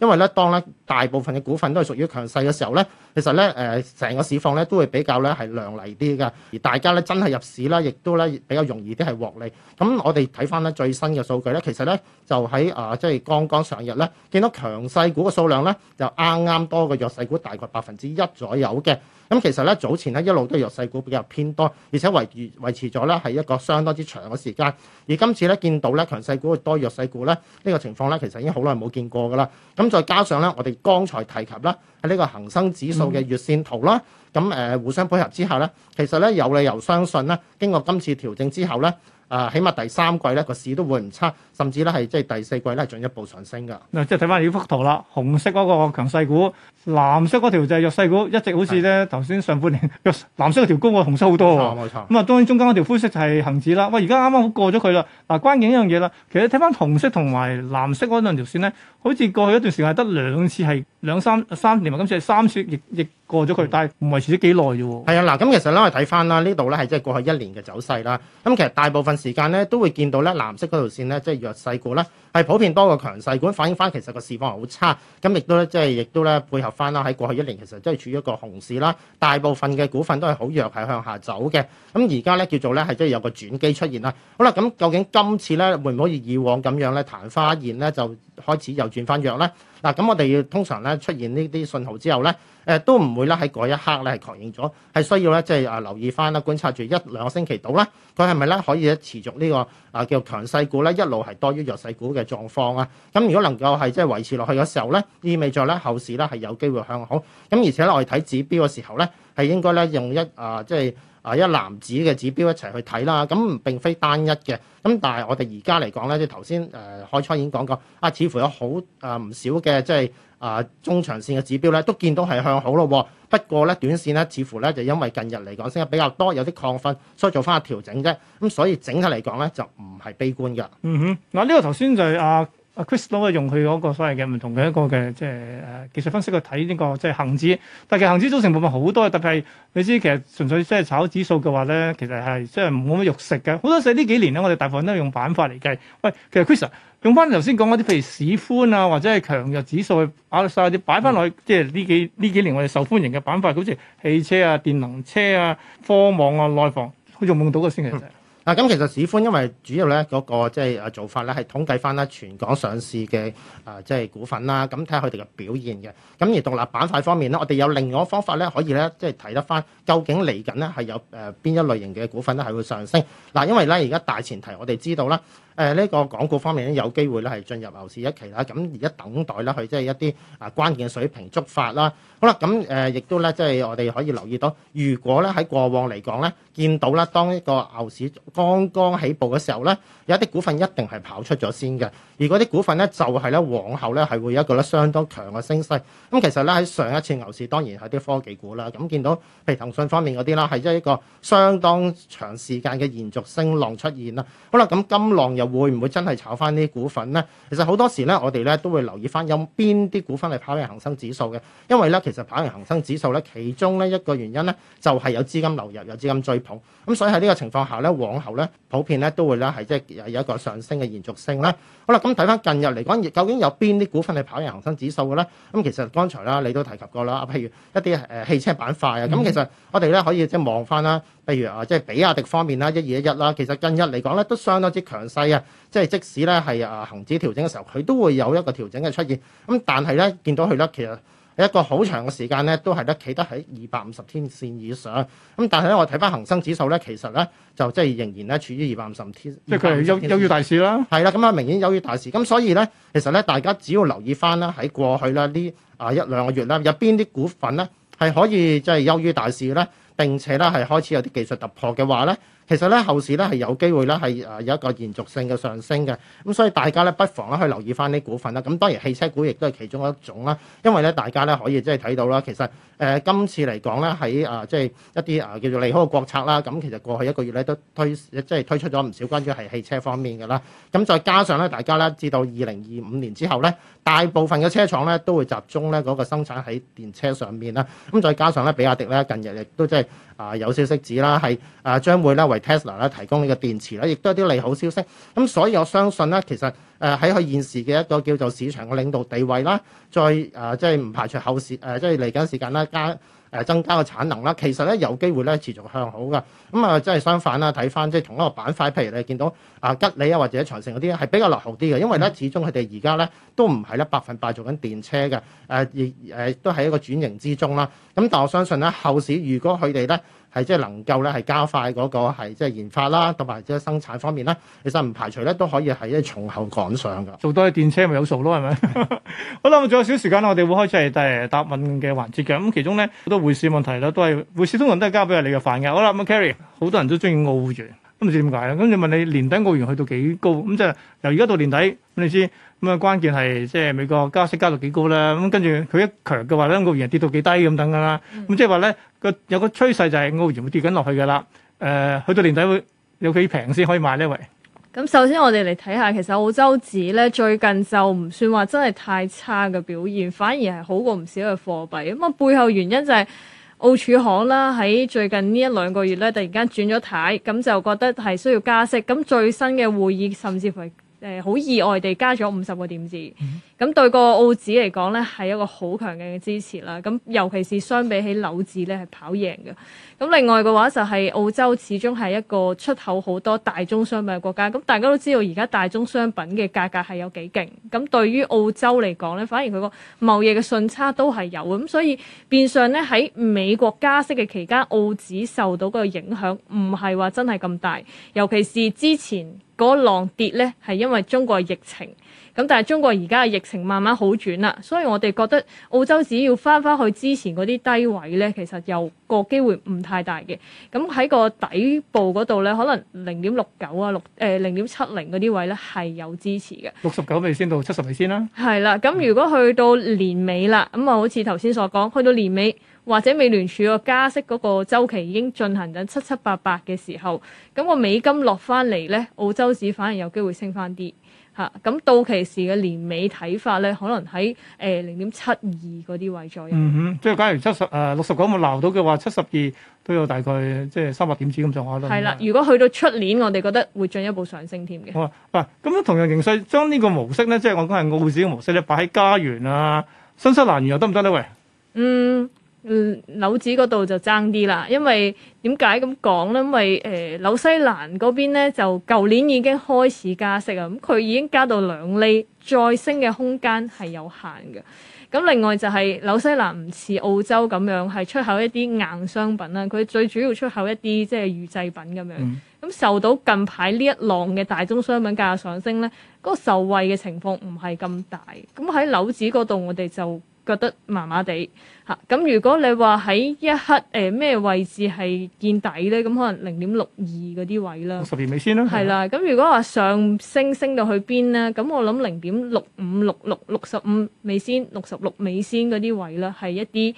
因為咧當咧大部分嘅股份都係屬於強勢嘅時候咧，其實咧誒成個市況咧都會比較咧係亮麗啲㗎，而大家咧真係入市啦，亦都咧比較容易啲係獲。咁我哋睇翻咧最新嘅數據咧，其實咧就喺啊即係剛剛上日咧，見到強勢股嘅數量咧就啱啱多過弱勢股大，大概百分之一左右嘅。咁其實咧早前咧一路都係弱勢股比較偏多，而且維維持咗咧係一個相當之長嘅時間。而今次咧見到咧強勢股多弱勢股咧呢、這個情況咧，其實已經好耐冇見過㗎啦。咁再加上咧我哋剛才提及啦喺呢個恒生指數嘅月線圖啦，咁誒、嗯、互相配合之下咧，其實咧有理由相信咧，經過今次調整之後咧。誒、啊，起碼第三季咧個市都會唔差，甚至咧係即係第四季咧係進一步上升噶。嗱，即係睇翻呢幅圖啦，紅色嗰個強勢股，藍色嗰條就係弱勢股，一直好似咧頭先上半年，弱藍色嗰條高過紅色好多喎。咁啊，當然中間嗰條灰色就係恒指啦。喂，而家啱啱好過咗佢啦。嗱，關鍵一樣嘢啦，其實睇翻紅色同埋藍色嗰兩條線咧，好似過去一段時間係得兩次係兩三三年啊，今次係三雪亦亦。亦過咗佢，但係唔維持咗幾耐啫喎。係啊，嗱咁其實咧，睇翻啦，呢度咧係即係過去一年嘅走勢啦。咁其實大部分時間咧都會見到咧藍色嗰條線咧，即係弱勢股咧係普遍多過強勢股，反映翻其實個市況好差。咁亦都咧，即係亦都咧配合翻啦。喺過去一年其實都係處於一個熊市啦。大部分嘅股份都係好弱，係向下走嘅。咁而家咧叫做咧係即係有個轉機出現啦。好啦，咁究竟今次咧會唔可以以往咁樣咧曇花一現咧就開始又轉翻弱咧？嗱，咁我哋通常咧出現呢啲信號之後咧，誒都唔會啦，喺嗰一刻咧係確認咗，係需要咧即係啊留意返啦，觀察住一兩個星期度啦，佢係咪咧可以咧持續呢個啊叫強勢股咧一路係多於弱勢股嘅狀況啊？咁如果能夠係即係維持落去嘅時候咧，意味著咧後市咧係有機會向好。咁而且我哋睇指標嘅時候咧，係應該咧用一啊即係啊一籃子嘅指標一齊去睇啦。咁並非單一嘅。咁但係我哋而家嚟講咧，即係頭先誒海川已經講過啊，似乎有好啊唔少嘅即係。就是啊，中長線嘅指標咧，都見到係向好咯。不過咧，短線咧，似乎咧就因為近日嚟講升得比較多，有啲亢奮，所以做翻個調整啫。咁所以整體嚟講咧，就唔係悲觀嘅。嗯哼，嗱、啊、呢、這個頭先就係阿阿 Chris 都係用佢嗰個所謂嘅唔同嘅一個嘅即係、呃、技術分析去睇呢個即係恆指，但係恆指組成部分好多，特別係你知其實純粹即係炒指數嘅話咧，其實係即係冇乜肉食嘅。好多時呢幾年咧，我哋大部分都係用板塊嚟計。喂，其實 Chris、啊。用翻頭先講嗰啲，譬如市寬啊，或者係強弱指數去壓曬啲擺翻落去，嗯、即係呢幾呢幾年我哋受歡迎嘅板塊，好似汽車啊、電能車啊、科網啊、內房，好似夢到個星期啫。咁、嗯、其實市寬因為主要咧嗰個即係誒做法咧，係統計翻啦全港上市嘅誒即係股份啦，咁睇下佢哋嘅表現嘅。咁而獨立板塊方面咧，我哋有另外一個方法咧，可以咧即係睇得翻究竟嚟緊咧係有誒邊一類型嘅股份咧係會上升嗱。因為咧而家大前提我哋知道啦。誒呢個港股方面咧，有機會咧係進入牛市一期啦。咁而家等待咧，佢即係一啲啊關鍵嘅水平觸發啦。好啦，咁誒亦都咧，即係我哋可以留意到，如果咧喺過往嚟講咧，見到咧，當一個牛市剛剛起步嘅時候咧，有一啲股份一定係跑出咗先嘅。而嗰啲股份咧，就係咧往後咧係會有一個咧相當強嘅升勢。咁其實咧喺上一次牛市，當然係啲科技股啦。咁見到譬如騰訊方面嗰啲啦，係即係一個相當長時間嘅延續升浪出現啦。好啦，咁金浪會唔會真係炒翻啲股份呢？其實好多時咧，我哋咧都會留意翻有冇邊啲股份係跑贏恒生指數嘅，因為咧其實跑贏恒生指數咧，其中咧一個原因咧就係有資金流入，有資金追捧，咁所以喺呢個情況下咧，往後咧普遍咧都會咧係即係有一個上升嘅延續性咧。好啦，咁睇翻近日嚟講，究竟有邊啲股份係跑贏恒生指數嘅咧？咁其實剛才啦，你都提及過啦，譬如一啲汽車板塊啊，咁、嗯、其實我哋咧可以即係望翻啦，譬如啊，即係比亞迪方面啦，一二一一啦，其實近日嚟講咧都相當之強勢。即係即使咧係啊恒指調整嘅時候，佢都會有一個調整嘅出現。咁但係咧，見到佢咧，其實一個好長嘅時間咧，都係咧企得喺二百五十天線以上。咁但係咧，我睇翻恒生指數咧，其實咧就即係仍然咧處於二百五十天，即係佢係優優，優於大市啦。係啦，咁啊明顯優於大市。咁所以咧，其實咧，大家只要留意翻啦，喺過去啦呢啊一,一兩個月咧，有邊啲股份咧係可以即係優於大市咧，並且咧係開始有啲技術突破嘅話咧。其實咧後市咧係有機會咧係誒有一個延續性嘅上升嘅，咁所以大家咧不妨咧去留意翻啲股份啦。咁當然汽車股亦都係其中一種啦，因為咧大家咧可以即係睇到啦，其實誒今次嚟講咧喺啊即係一啲啊叫做利好嘅國策啦。咁其實過去一個月咧都推即係推出咗唔少關於係汽車方面嘅啦。咁再加上咧大家咧至到二零二五年之後咧，大部分嘅車廠咧都會集中咧嗰個生產喺電車上面啦。咁再加上咧比亞迪咧近日亦都即係啊有消息指啦係啊將會咧。為特斯拉啦，提供呢個電池啦，亦都係啲利好消息。咁所以我相信咧，其實誒喺佢現時嘅一個叫做市場嘅領導地位啦，再誒即係唔排除後市誒，即係嚟緊時間啦，加、呃、誒增加個產能啦。其實咧有機會咧持續向好嘅。咁、嗯、啊、呃，即係相反啦，睇翻即係同一個板塊，譬如你見到啊吉利啊或者長城嗰啲，係比較落後啲嘅，因為咧始終佢哋而家咧都唔係咧百分百做緊電車嘅誒，亦、呃、誒、呃、都喺一個轉型之中啦。咁但我相信咧後市如果佢哋咧。係即係能夠咧，係加快嗰個係即係研發啦，同埋即係生產方面啦。其實唔排除咧，都可以係一從後趕上㗎。做多啲電車咪有數咯，係咪？ 好啦，咁仲有少時間咧，我哋會開始嚟第答問嘅環節嘅。咁其中咧好多匯市問題咧，都係匯市通常都係交俾阿李若凡嘅。好啦，咁 Carry 好多人都中意澳元，咁唔知點解啦。咁你問你年底澳元去到幾高？咁即係由而家到年底，你知，咁啊，關鍵係即係美國加息加到幾高啦，咁跟住佢一強嘅話咧，澳元跌到幾低咁等噶啦。咁、嗯、即係話咧，個有個趨勢就係澳元會跌緊落去噶啦。誒、呃，去到年底會有幾平先可以買呢喂，咁、嗯、首先我哋嚟睇下，其實澳洲紙咧最近就唔算話真係太差嘅表現，反而係好過唔少嘅貨幣。咁啊，背後原因就係澳儲行啦，喺最近呢一兩個月咧，突然間轉咗軚，咁就覺得係需要加息。咁最新嘅會議甚至係。誒，好、呃、意外地加咗五十個點子。嗯咁對個澳紙嚟講咧，係一個好強勁嘅支持啦。咁尤其是相比起紐紙咧，係跑贏㗎。咁另外嘅話就係、是、澳洲始終係一個出口好多大宗商品嘅國家。咁大家都知道而家大宗商品嘅價格係有幾勁。咁對於澳洲嚟講咧，反而佢個貿易嘅順差都係有咁，所以變相咧喺美國加息嘅期間，澳紙受到個影響唔係話真係咁大。尤其是之前嗰浪跌咧，係因為中國嘅疫情。咁但係中國而家嘅疫情慢慢好轉啦，所以我哋覺得澳洲紙要翻翻去之前嗰啲低位咧，其實又個機會唔太大嘅。咁喺個底部嗰度咧，可能零點六九啊、六誒零點七零嗰啲位咧係有支持嘅。六十九未先到 70,，七十未先啦。係啦，咁如果去到年尾啦，咁啊好似頭先所講，去到年尾或者美聯儲個加息嗰個週期已經進行緊七七八八嘅時候，咁、個美金落翻嚟咧，澳洲紙反而有機會升翻啲。嚇，咁到期時嘅年尾睇法咧，可能喺誒零點七二嗰啲位左右。嗯哼，即係假如七十誒六十九冇鬧到嘅話，七十二都有大概即係三百點子咁上下咯。係啦，如果去到出年，我哋覺得會進一步上升添嘅。好啊，嗱、嗯，咁樣同樣形勢將呢個模式咧，即係我講係澳紙嘅模式咧，擺喺加元啊、新西蘭元又得唔得呢？喂，嗯。嗯，紐子嗰度就爭啲啦，因為點解咁講咧？因為誒、呃、紐西蘭嗰邊咧就舊年已經開始加息啊，咁佢已經加到兩厘，再升嘅空間係有限嘅。咁另外就係、是、紐西蘭唔似澳洲咁樣係出口一啲硬商品啦，佢最主要出口一啲即係預製品咁樣。咁、嗯、受到近排呢一浪嘅大宗商品價格上升咧，嗰、那個受惠嘅情況唔係咁大。咁喺紐子嗰度，我哋就覺得麻麻地。吓，咁如果你話喺一刻誒咩位置係見底咧，咁可能零點六二嗰啲位啦。六十二尾先啦，係啦。咁如果話上升升到去邊咧？咁我諗零點六五六六六十五尾先、六十六尾先嗰啲位啦，係一啲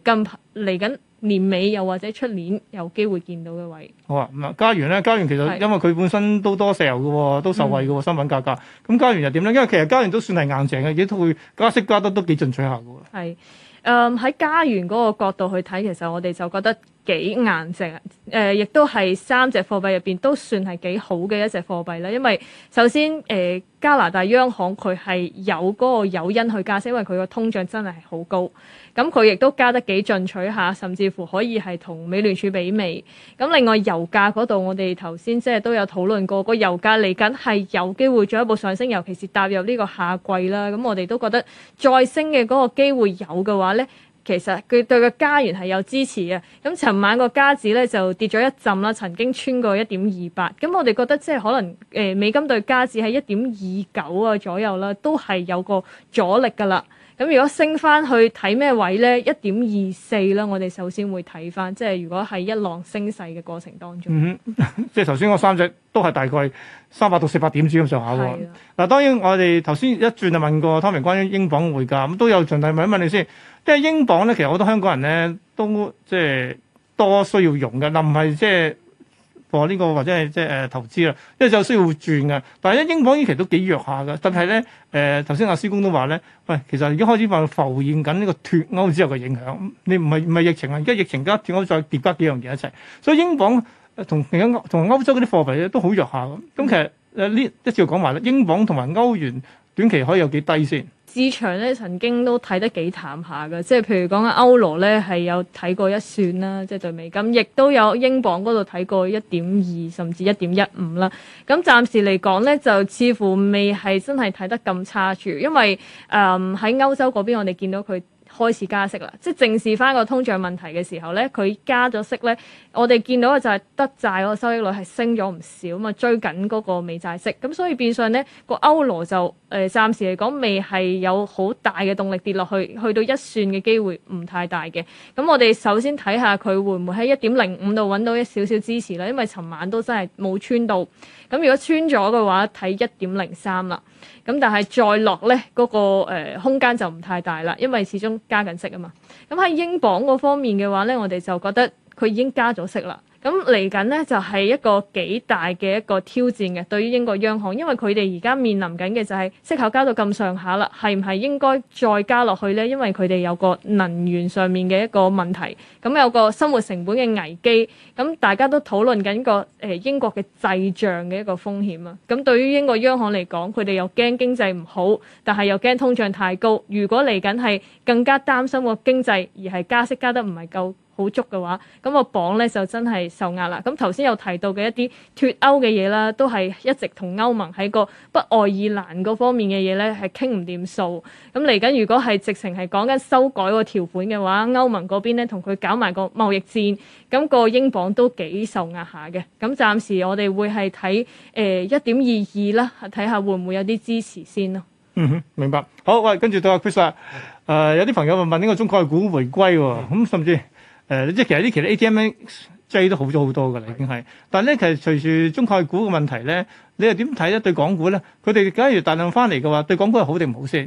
誒近排嚟緊年尾又或者出年有機會見到嘅位。好啊，咁啊，加元咧，加元其實因為佢本身都多石油嘅喎，都受惠嘅喎，商品價格，咁加元又點咧？因為其實加元都算係硬淨嘅，亦都會加息加得都幾進取下嘅喎。係。誒，喺、um，家園嗰個角度去睇，其實我哋就覺得。幾硬淨誒、呃，亦都係三隻貨幣入邊都算係幾好嘅一隻貨幣啦。因為首先誒、呃，加拿大央行佢係有嗰個誘因去加息，因為佢個通脹真係好高。咁、嗯、佢亦都加得幾進取下，甚至乎可以係同美聯儲比美。咁、嗯、另外油價嗰度，我哋頭先即係都有討論過，個油價嚟緊係有機會進一步上升，尤其是踏入呢個夏季啦。咁、嗯、我哋都覺得再升嘅嗰個機會有嘅話咧。其實佢對個加元係有支持嘅，咁尋晚個加指咧就跌咗一陣啦，曾經穿過一點二八，咁我哋覺得即係可能誒、呃、美金對加指喺一點二九啊左右啦，都係有個阻力噶啦。咁如果升翻去睇咩位咧，一點二四啦，我哋首先會睇翻，即係如果係一浪升勢嘅過程當中、嗯。 即係頭先嗰三隻。都係大概三百到四百點咁上下喎。嗱的，當然我哋頭先一轉就問過 Tommy m m 關於英鎊匯價，咁都有盡量問一問你先。即係英鎊咧，其實好多香港人咧都即係多需要用嘅，嗱唔係即係播呢個或者係即係誒、呃、投資啦，即係就需要轉嘅。但係咧，英鎊依期都幾弱下嘅，特別係咧誒頭先阿師公都話咧，喂，其實已經開始發浮現緊呢個脱歐之後嘅影響。你唔係唔係疫情啊？而家疫情加脱歐再跌加幾樣嘢一齊，所以英鎊。同其他同歐洲嗰啲貨幣咧都好弱下咁，咁其實誒呢一次講埋啦，英鎊同埋歐元短期可以有幾低先？市場咧曾經都睇得幾淡下嘅，即係譬如講緊歐羅咧係有睇過一算啦，即係對美金，亦都有英鎊嗰度睇過一點二甚至一點一五啦。咁暫時嚟講咧，就似乎未係真係睇得咁差處，因為誒喺，呃，歐洲嗰邊我哋見到佢。開始加息啦，即正視翻個通脹問題嘅時候咧，佢加咗息咧，我哋見到嘅就係德債嗰個收益率係升咗唔少嘛，追緊嗰個美債息，咁所以變相咧個歐羅就誒、呃、暫時嚟講未係有好大嘅動力跌落去，去到一算嘅機會唔太大嘅。咁我哋首先睇下佢會唔會喺一點零五度揾到一少少支持啦，因為尋晚都真係冇穿到。咁如果穿咗嘅話，睇一點零三啦。咁但係再落咧，嗰個誒空間就唔太大啦，因為始終加緊息啊嘛。咁喺英鎊嗰方面嘅話咧，我哋就覺得。佢已經加咗息啦，咁嚟緊咧就係一個幾大嘅一個挑戰嘅，對於英國央行，因為佢哋而家面臨緊嘅就係息口加到咁上下啦，係唔係應該再加落去咧？因為佢哋有個能源上面嘅一個問題，咁有個生活成本嘅危機，咁大家都討論緊個誒英國嘅滯脹嘅一個風險啊。咁對於英國央行嚟講，佢哋又驚經濟唔好，但係又驚通脹太高。如果嚟緊係更加擔心個經濟，而係加息加得唔係夠好足嘅話，咁個磅咧就真係受壓啦。咁頭先有提到嘅一啲脫歐嘅嘢啦，都係一直同歐盟喺個北愛爾蘭嗰方面嘅嘢咧係傾唔掂數。咁嚟緊如果係直情係講緊修改個條款嘅話，歐盟嗰邊咧同佢搞埋個貿易戰，咁個英鎊都幾受壓下嘅。咁暫時我哋會係睇誒一點二二啦，睇下會唔會有啲支持先咯。嗯哼，明白。好，喂，跟住到阿 Chris 啊，誒有啲朋友問問呢個中概股回歸喎，咁甚至。誒、呃、即係其實呢期 ATMX 都好咗好多㗎啦，已經係。但係咧其實隨住中概股嘅問題咧，你又點睇咧對港股咧？佢哋假如大量翻嚟嘅話，對港股係好定唔好先？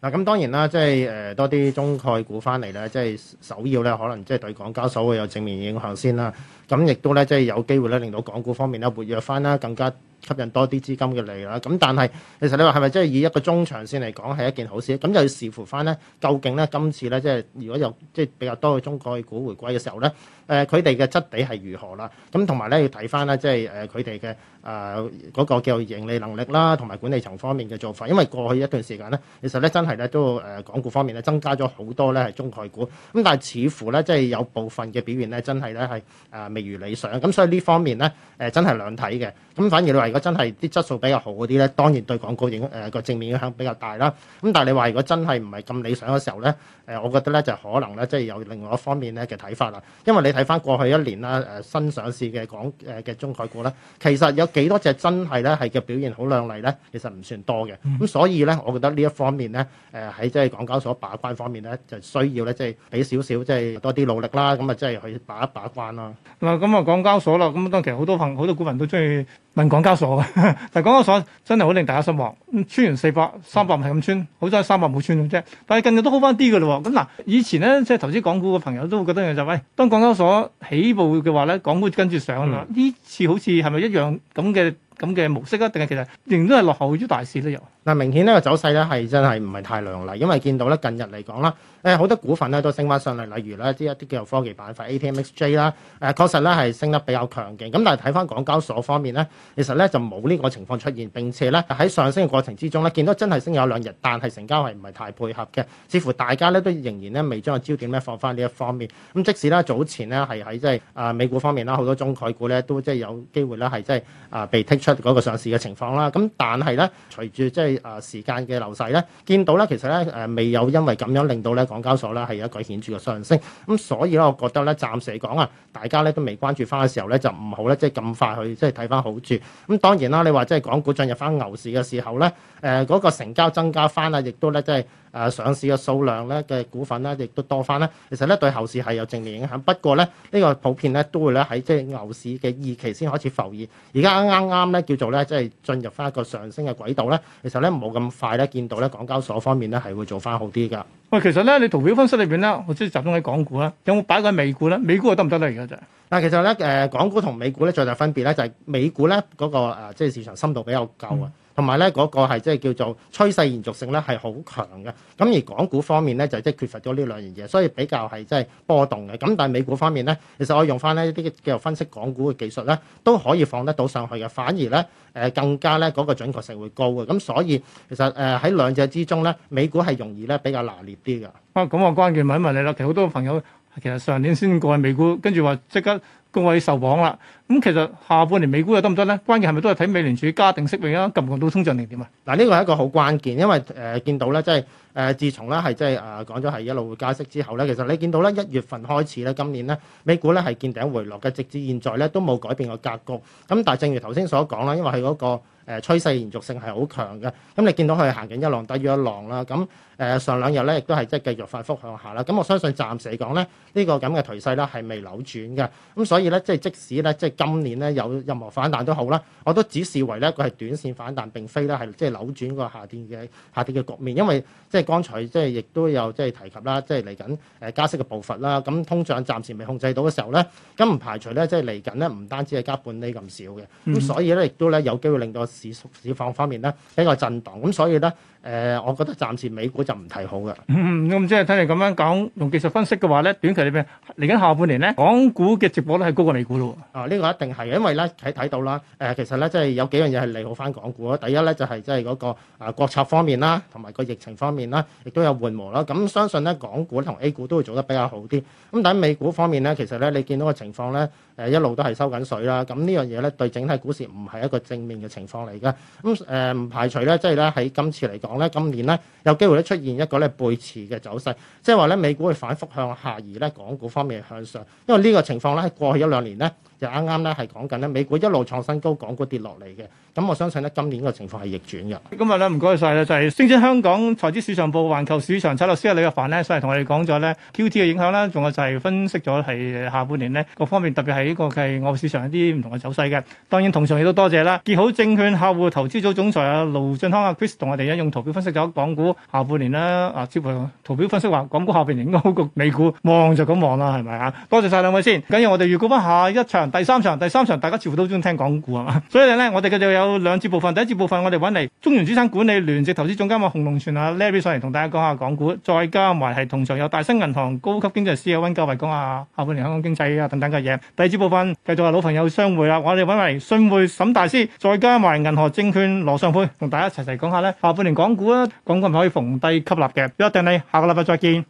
嗱、啊，咁、嗯、當然啦，即係誒、呃、多啲中概股翻嚟咧，即係首要咧，可能即係對港交所會有正面影響先啦。咁亦都咧，即係有機會咧，令到港股方面咧活躍翻啦，更加，吸引多啲資金嘅利啦，咁但係其實你話係咪真係以一個中長線嚟講係一件好事？咁就要視乎翻咧，究竟咧今次咧即係如果有即係比較多嘅中概股回歸嘅時候咧，誒佢哋嘅質地係如何啦？咁同埋咧要睇翻咧即係誒佢哋嘅。呃誒嗰、啊那個叫盈利能力啦，同埋管理層方面嘅做法，因為過去一段時間咧，其實咧真係咧都誒港股方面咧增加咗好多咧係中概股，咁但係似乎咧即係有部分嘅表現咧真係咧係誒未如理想，咁所以呢方面咧誒真係兩睇嘅，咁反而你話如果真係啲質素比較好嗰啲咧，當然對港股影誒個、呃、正面影響比較大啦，咁但係你話如果真係唔係咁理想嘅時候咧，誒我覺得咧就可能咧即係有另外一方面咧嘅睇法啦，因為你睇返過去一年啦誒、呃、新上市嘅港誒嘅、呃、中概股咧，其實有幾多隻真係咧係嘅表現好靚麗咧，其實唔算多嘅。咁、嗯、所以咧，我覺得呢一方面咧，誒喺即係港交所把關方面咧，就需要咧即係俾少少即係多啲努力啦，咁啊即係去把一把關啦。嗱、嗯，咁啊港交所啦，咁當其實好多朋好多股民都中意。問港交所嘅， 但係港交所真係好令大家失望，穿完四百三百五係咁穿，好彩三百冇穿咁啫。但係近日都好翻啲嘅嘞喎，咁、嗯、嗱，以前咧即係投資港股嘅朋友都會覺得就係、哎，當港交所起步嘅話咧，港股跟住上啦。呢、嗯、次好似係咪一樣咁嘅咁嘅模式啊？定係其實仍然都係落後於大市都有。嗱，明顯呢個走勢咧係真係唔係太亮麗，因為見到咧近日嚟講啦，誒好多股份咧都升翻上嚟，例如咧啲一啲叫做科技板塊 ATMXJ 啦，誒確實咧係升得比較強勁。咁但係睇翻港交所方面咧，其實咧就冇呢個情況出現，並且咧喺上升嘅過程之中咧，見到真係升有兩日，但係成交係唔係太配合嘅，似乎大家咧都仍然咧未將個焦點咧放翻呢一方面。咁即使咧早前咧係喺即係啊美股方面啦，好多中概股咧都即係有機會咧係即係啊被剔出嗰個上市嘅情況啦。咁但係咧隨住即係誒時間嘅流逝咧，見到咧，其實咧誒未有因為咁樣令到咧港交所咧係有一個顯著嘅上升，咁所以咧，我覺得咧暫時嚟講啊，大家咧都未關注翻嘅時候咧，就唔好咧即係咁快去即係睇翻好處。咁當然啦，你話即係港股進入翻牛市嘅時候咧，誒嗰個成交增加翻啊，亦都咧即係。誒上市嘅數量咧嘅股份咧，亦都多翻咧。其實咧對後市係有正面影響，不過咧呢個普遍咧都會咧喺即係牛市嘅二期先開始浮現。而家啱啱咧叫做咧即係進入翻一個上升嘅軌道咧，其實咧冇咁快咧見到咧港交所方面咧係會做翻好啲噶。喂，其實咧你圖表分析裏邊咧，我主要集中喺港股啦，有冇擺過喺美股咧？美股得唔得咧？而家就嗱，其實咧誒港股同美股咧最大分別咧就係美股咧、誒、嗰個即係市場深度比較夠啊。嗯同埋咧嗰個係即係叫做趨勢延續性咧係好強嘅，咁而港股方面咧就即係缺乏咗呢兩樣嘢，所以比較係即係波動嘅。咁但係美股方面咧，其實我用翻呢一啲嘅叫做分析港股嘅技術咧，都可以放得到上去嘅，反而咧誒更加咧嗰個準確性會高嘅。咁所以其實誒喺兩者之中咧，美股係容易咧比較拿捏啲嘅。啊，咁我關鍵問一問你啦，其實好多朋友其實上年先過去美股，跟住話即刻。高位受訪啦，咁、嗯、其實下半年美股又得唔得咧？關鍵係咪都係睇美聯儲加定息未啊？及唔及到通脹定點啊？嗱，呢個係一個好關鍵，因為誒、呃、見到咧，即係。誒，自從咧係即係誒講咗係一路會加息之後咧，其實你見到咧一月份開始咧，今年咧美股咧係見頂回落嘅，直至現在咧都冇改變個格局。咁但係正如頭先所講啦，因為佢嗰個誒趨勢延續性係好強嘅，咁你見到佢行緊一浪低於一浪啦。咁誒上兩日咧亦都係即係繼續反覆向下啦。咁我相信暫時嚟講咧，呢、呢個咁嘅頹勢咧係未扭轉嘅。咁所以咧即係即使咧即係今年咧有任何反彈都好啦，我都只視為咧佢係短線反彈，並非咧係即係扭轉個下跌嘅下跌嘅局面，因為即係。剛才即係亦都有即係提及啦，即係嚟緊誒加息嘅步伐啦。咁通脹暫時未控制到嘅時候咧，咁唔排除咧，即係嚟緊咧唔單止係加半厘咁少嘅，咁、嗯、所以咧亦都咧有機會令到市市況方面咧比較震盪。咁所以咧。誒，我覺得暫時美股就唔太好嘅。咁即係聽你咁樣講，用技術分析嘅話咧，短期裏邊嚟緊下半年咧，港股嘅值博咧係高過美股咯。啊，呢個一定係，因為咧睇睇到啦。誒，其實咧即係有幾樣嘢係利好翻港股啊。第一咧就係即係嗰個啊國策方面啦，同埋個疫情方面啦，亦都有緩和啦。咁相信咧，港股同 A 股都會做得比較好啲。咁但係美股方面咧，其實咧你見到嘅情況咧，誒一路都係收緊水啦。咁呢樣嘢咧對整體股市唔係一個正面嘅情況嚟嘅。咁誒唔排除咧，即係咧喺今次嚟講。咧今年咧有機會咧出現一個咧背馳嘅走勢，即係話咧美股會反覆向下移，而咧港股方面向上，因為呢個情況咧喺過去一兩年咧。啱啱咧係講緊咧，美股一路創新高，港股跌落嚟嘅。咁我相信咧，今年個情況係逆轉嘅。今日咧唔該晒咧，就係星展香港財資市場部環球市場策略師李若凡咧，上嚟同我哋講咗咧 QT 嘅影響啦，仲有就係分析咗係下半年咧各方面，特別係呢個係外匯市場一啲唔同嘅走勢嘅。當然，同場亦都多謝啦，結好證券客戶投資組總裁啊，盧駿匡啊 Chris 同我哋一用圖表分析咗港股下半年啦。啊，接盤圖表分析話港股下半年應該好過美股，望就咁望啦，係咪啊？多謝晒兩位先。緊要我哋預估翻下一場。第三場，第三場，大家似乎都中意聽港股㗎嘛，所以咧，我哋繼續有兩節部分。第一節部分，我哋揾嚟中原資產管理聯席投資總監阿洪龍荃啊、Larry 上嚟同大家講下港股，再加埋係同場有大新銀行高級經濟師阿温教維講下下半年香港經濟啊等等嘅嘢。第二節部分繼續係老朋友相會啦，我哋揾嚟信匯沈大師，再加埋銀河證券羅尚佩同大家一齊齊講下咧下半年港股啊，港股係咪可以逢低吸納嘅。約定你下個禮拜再見。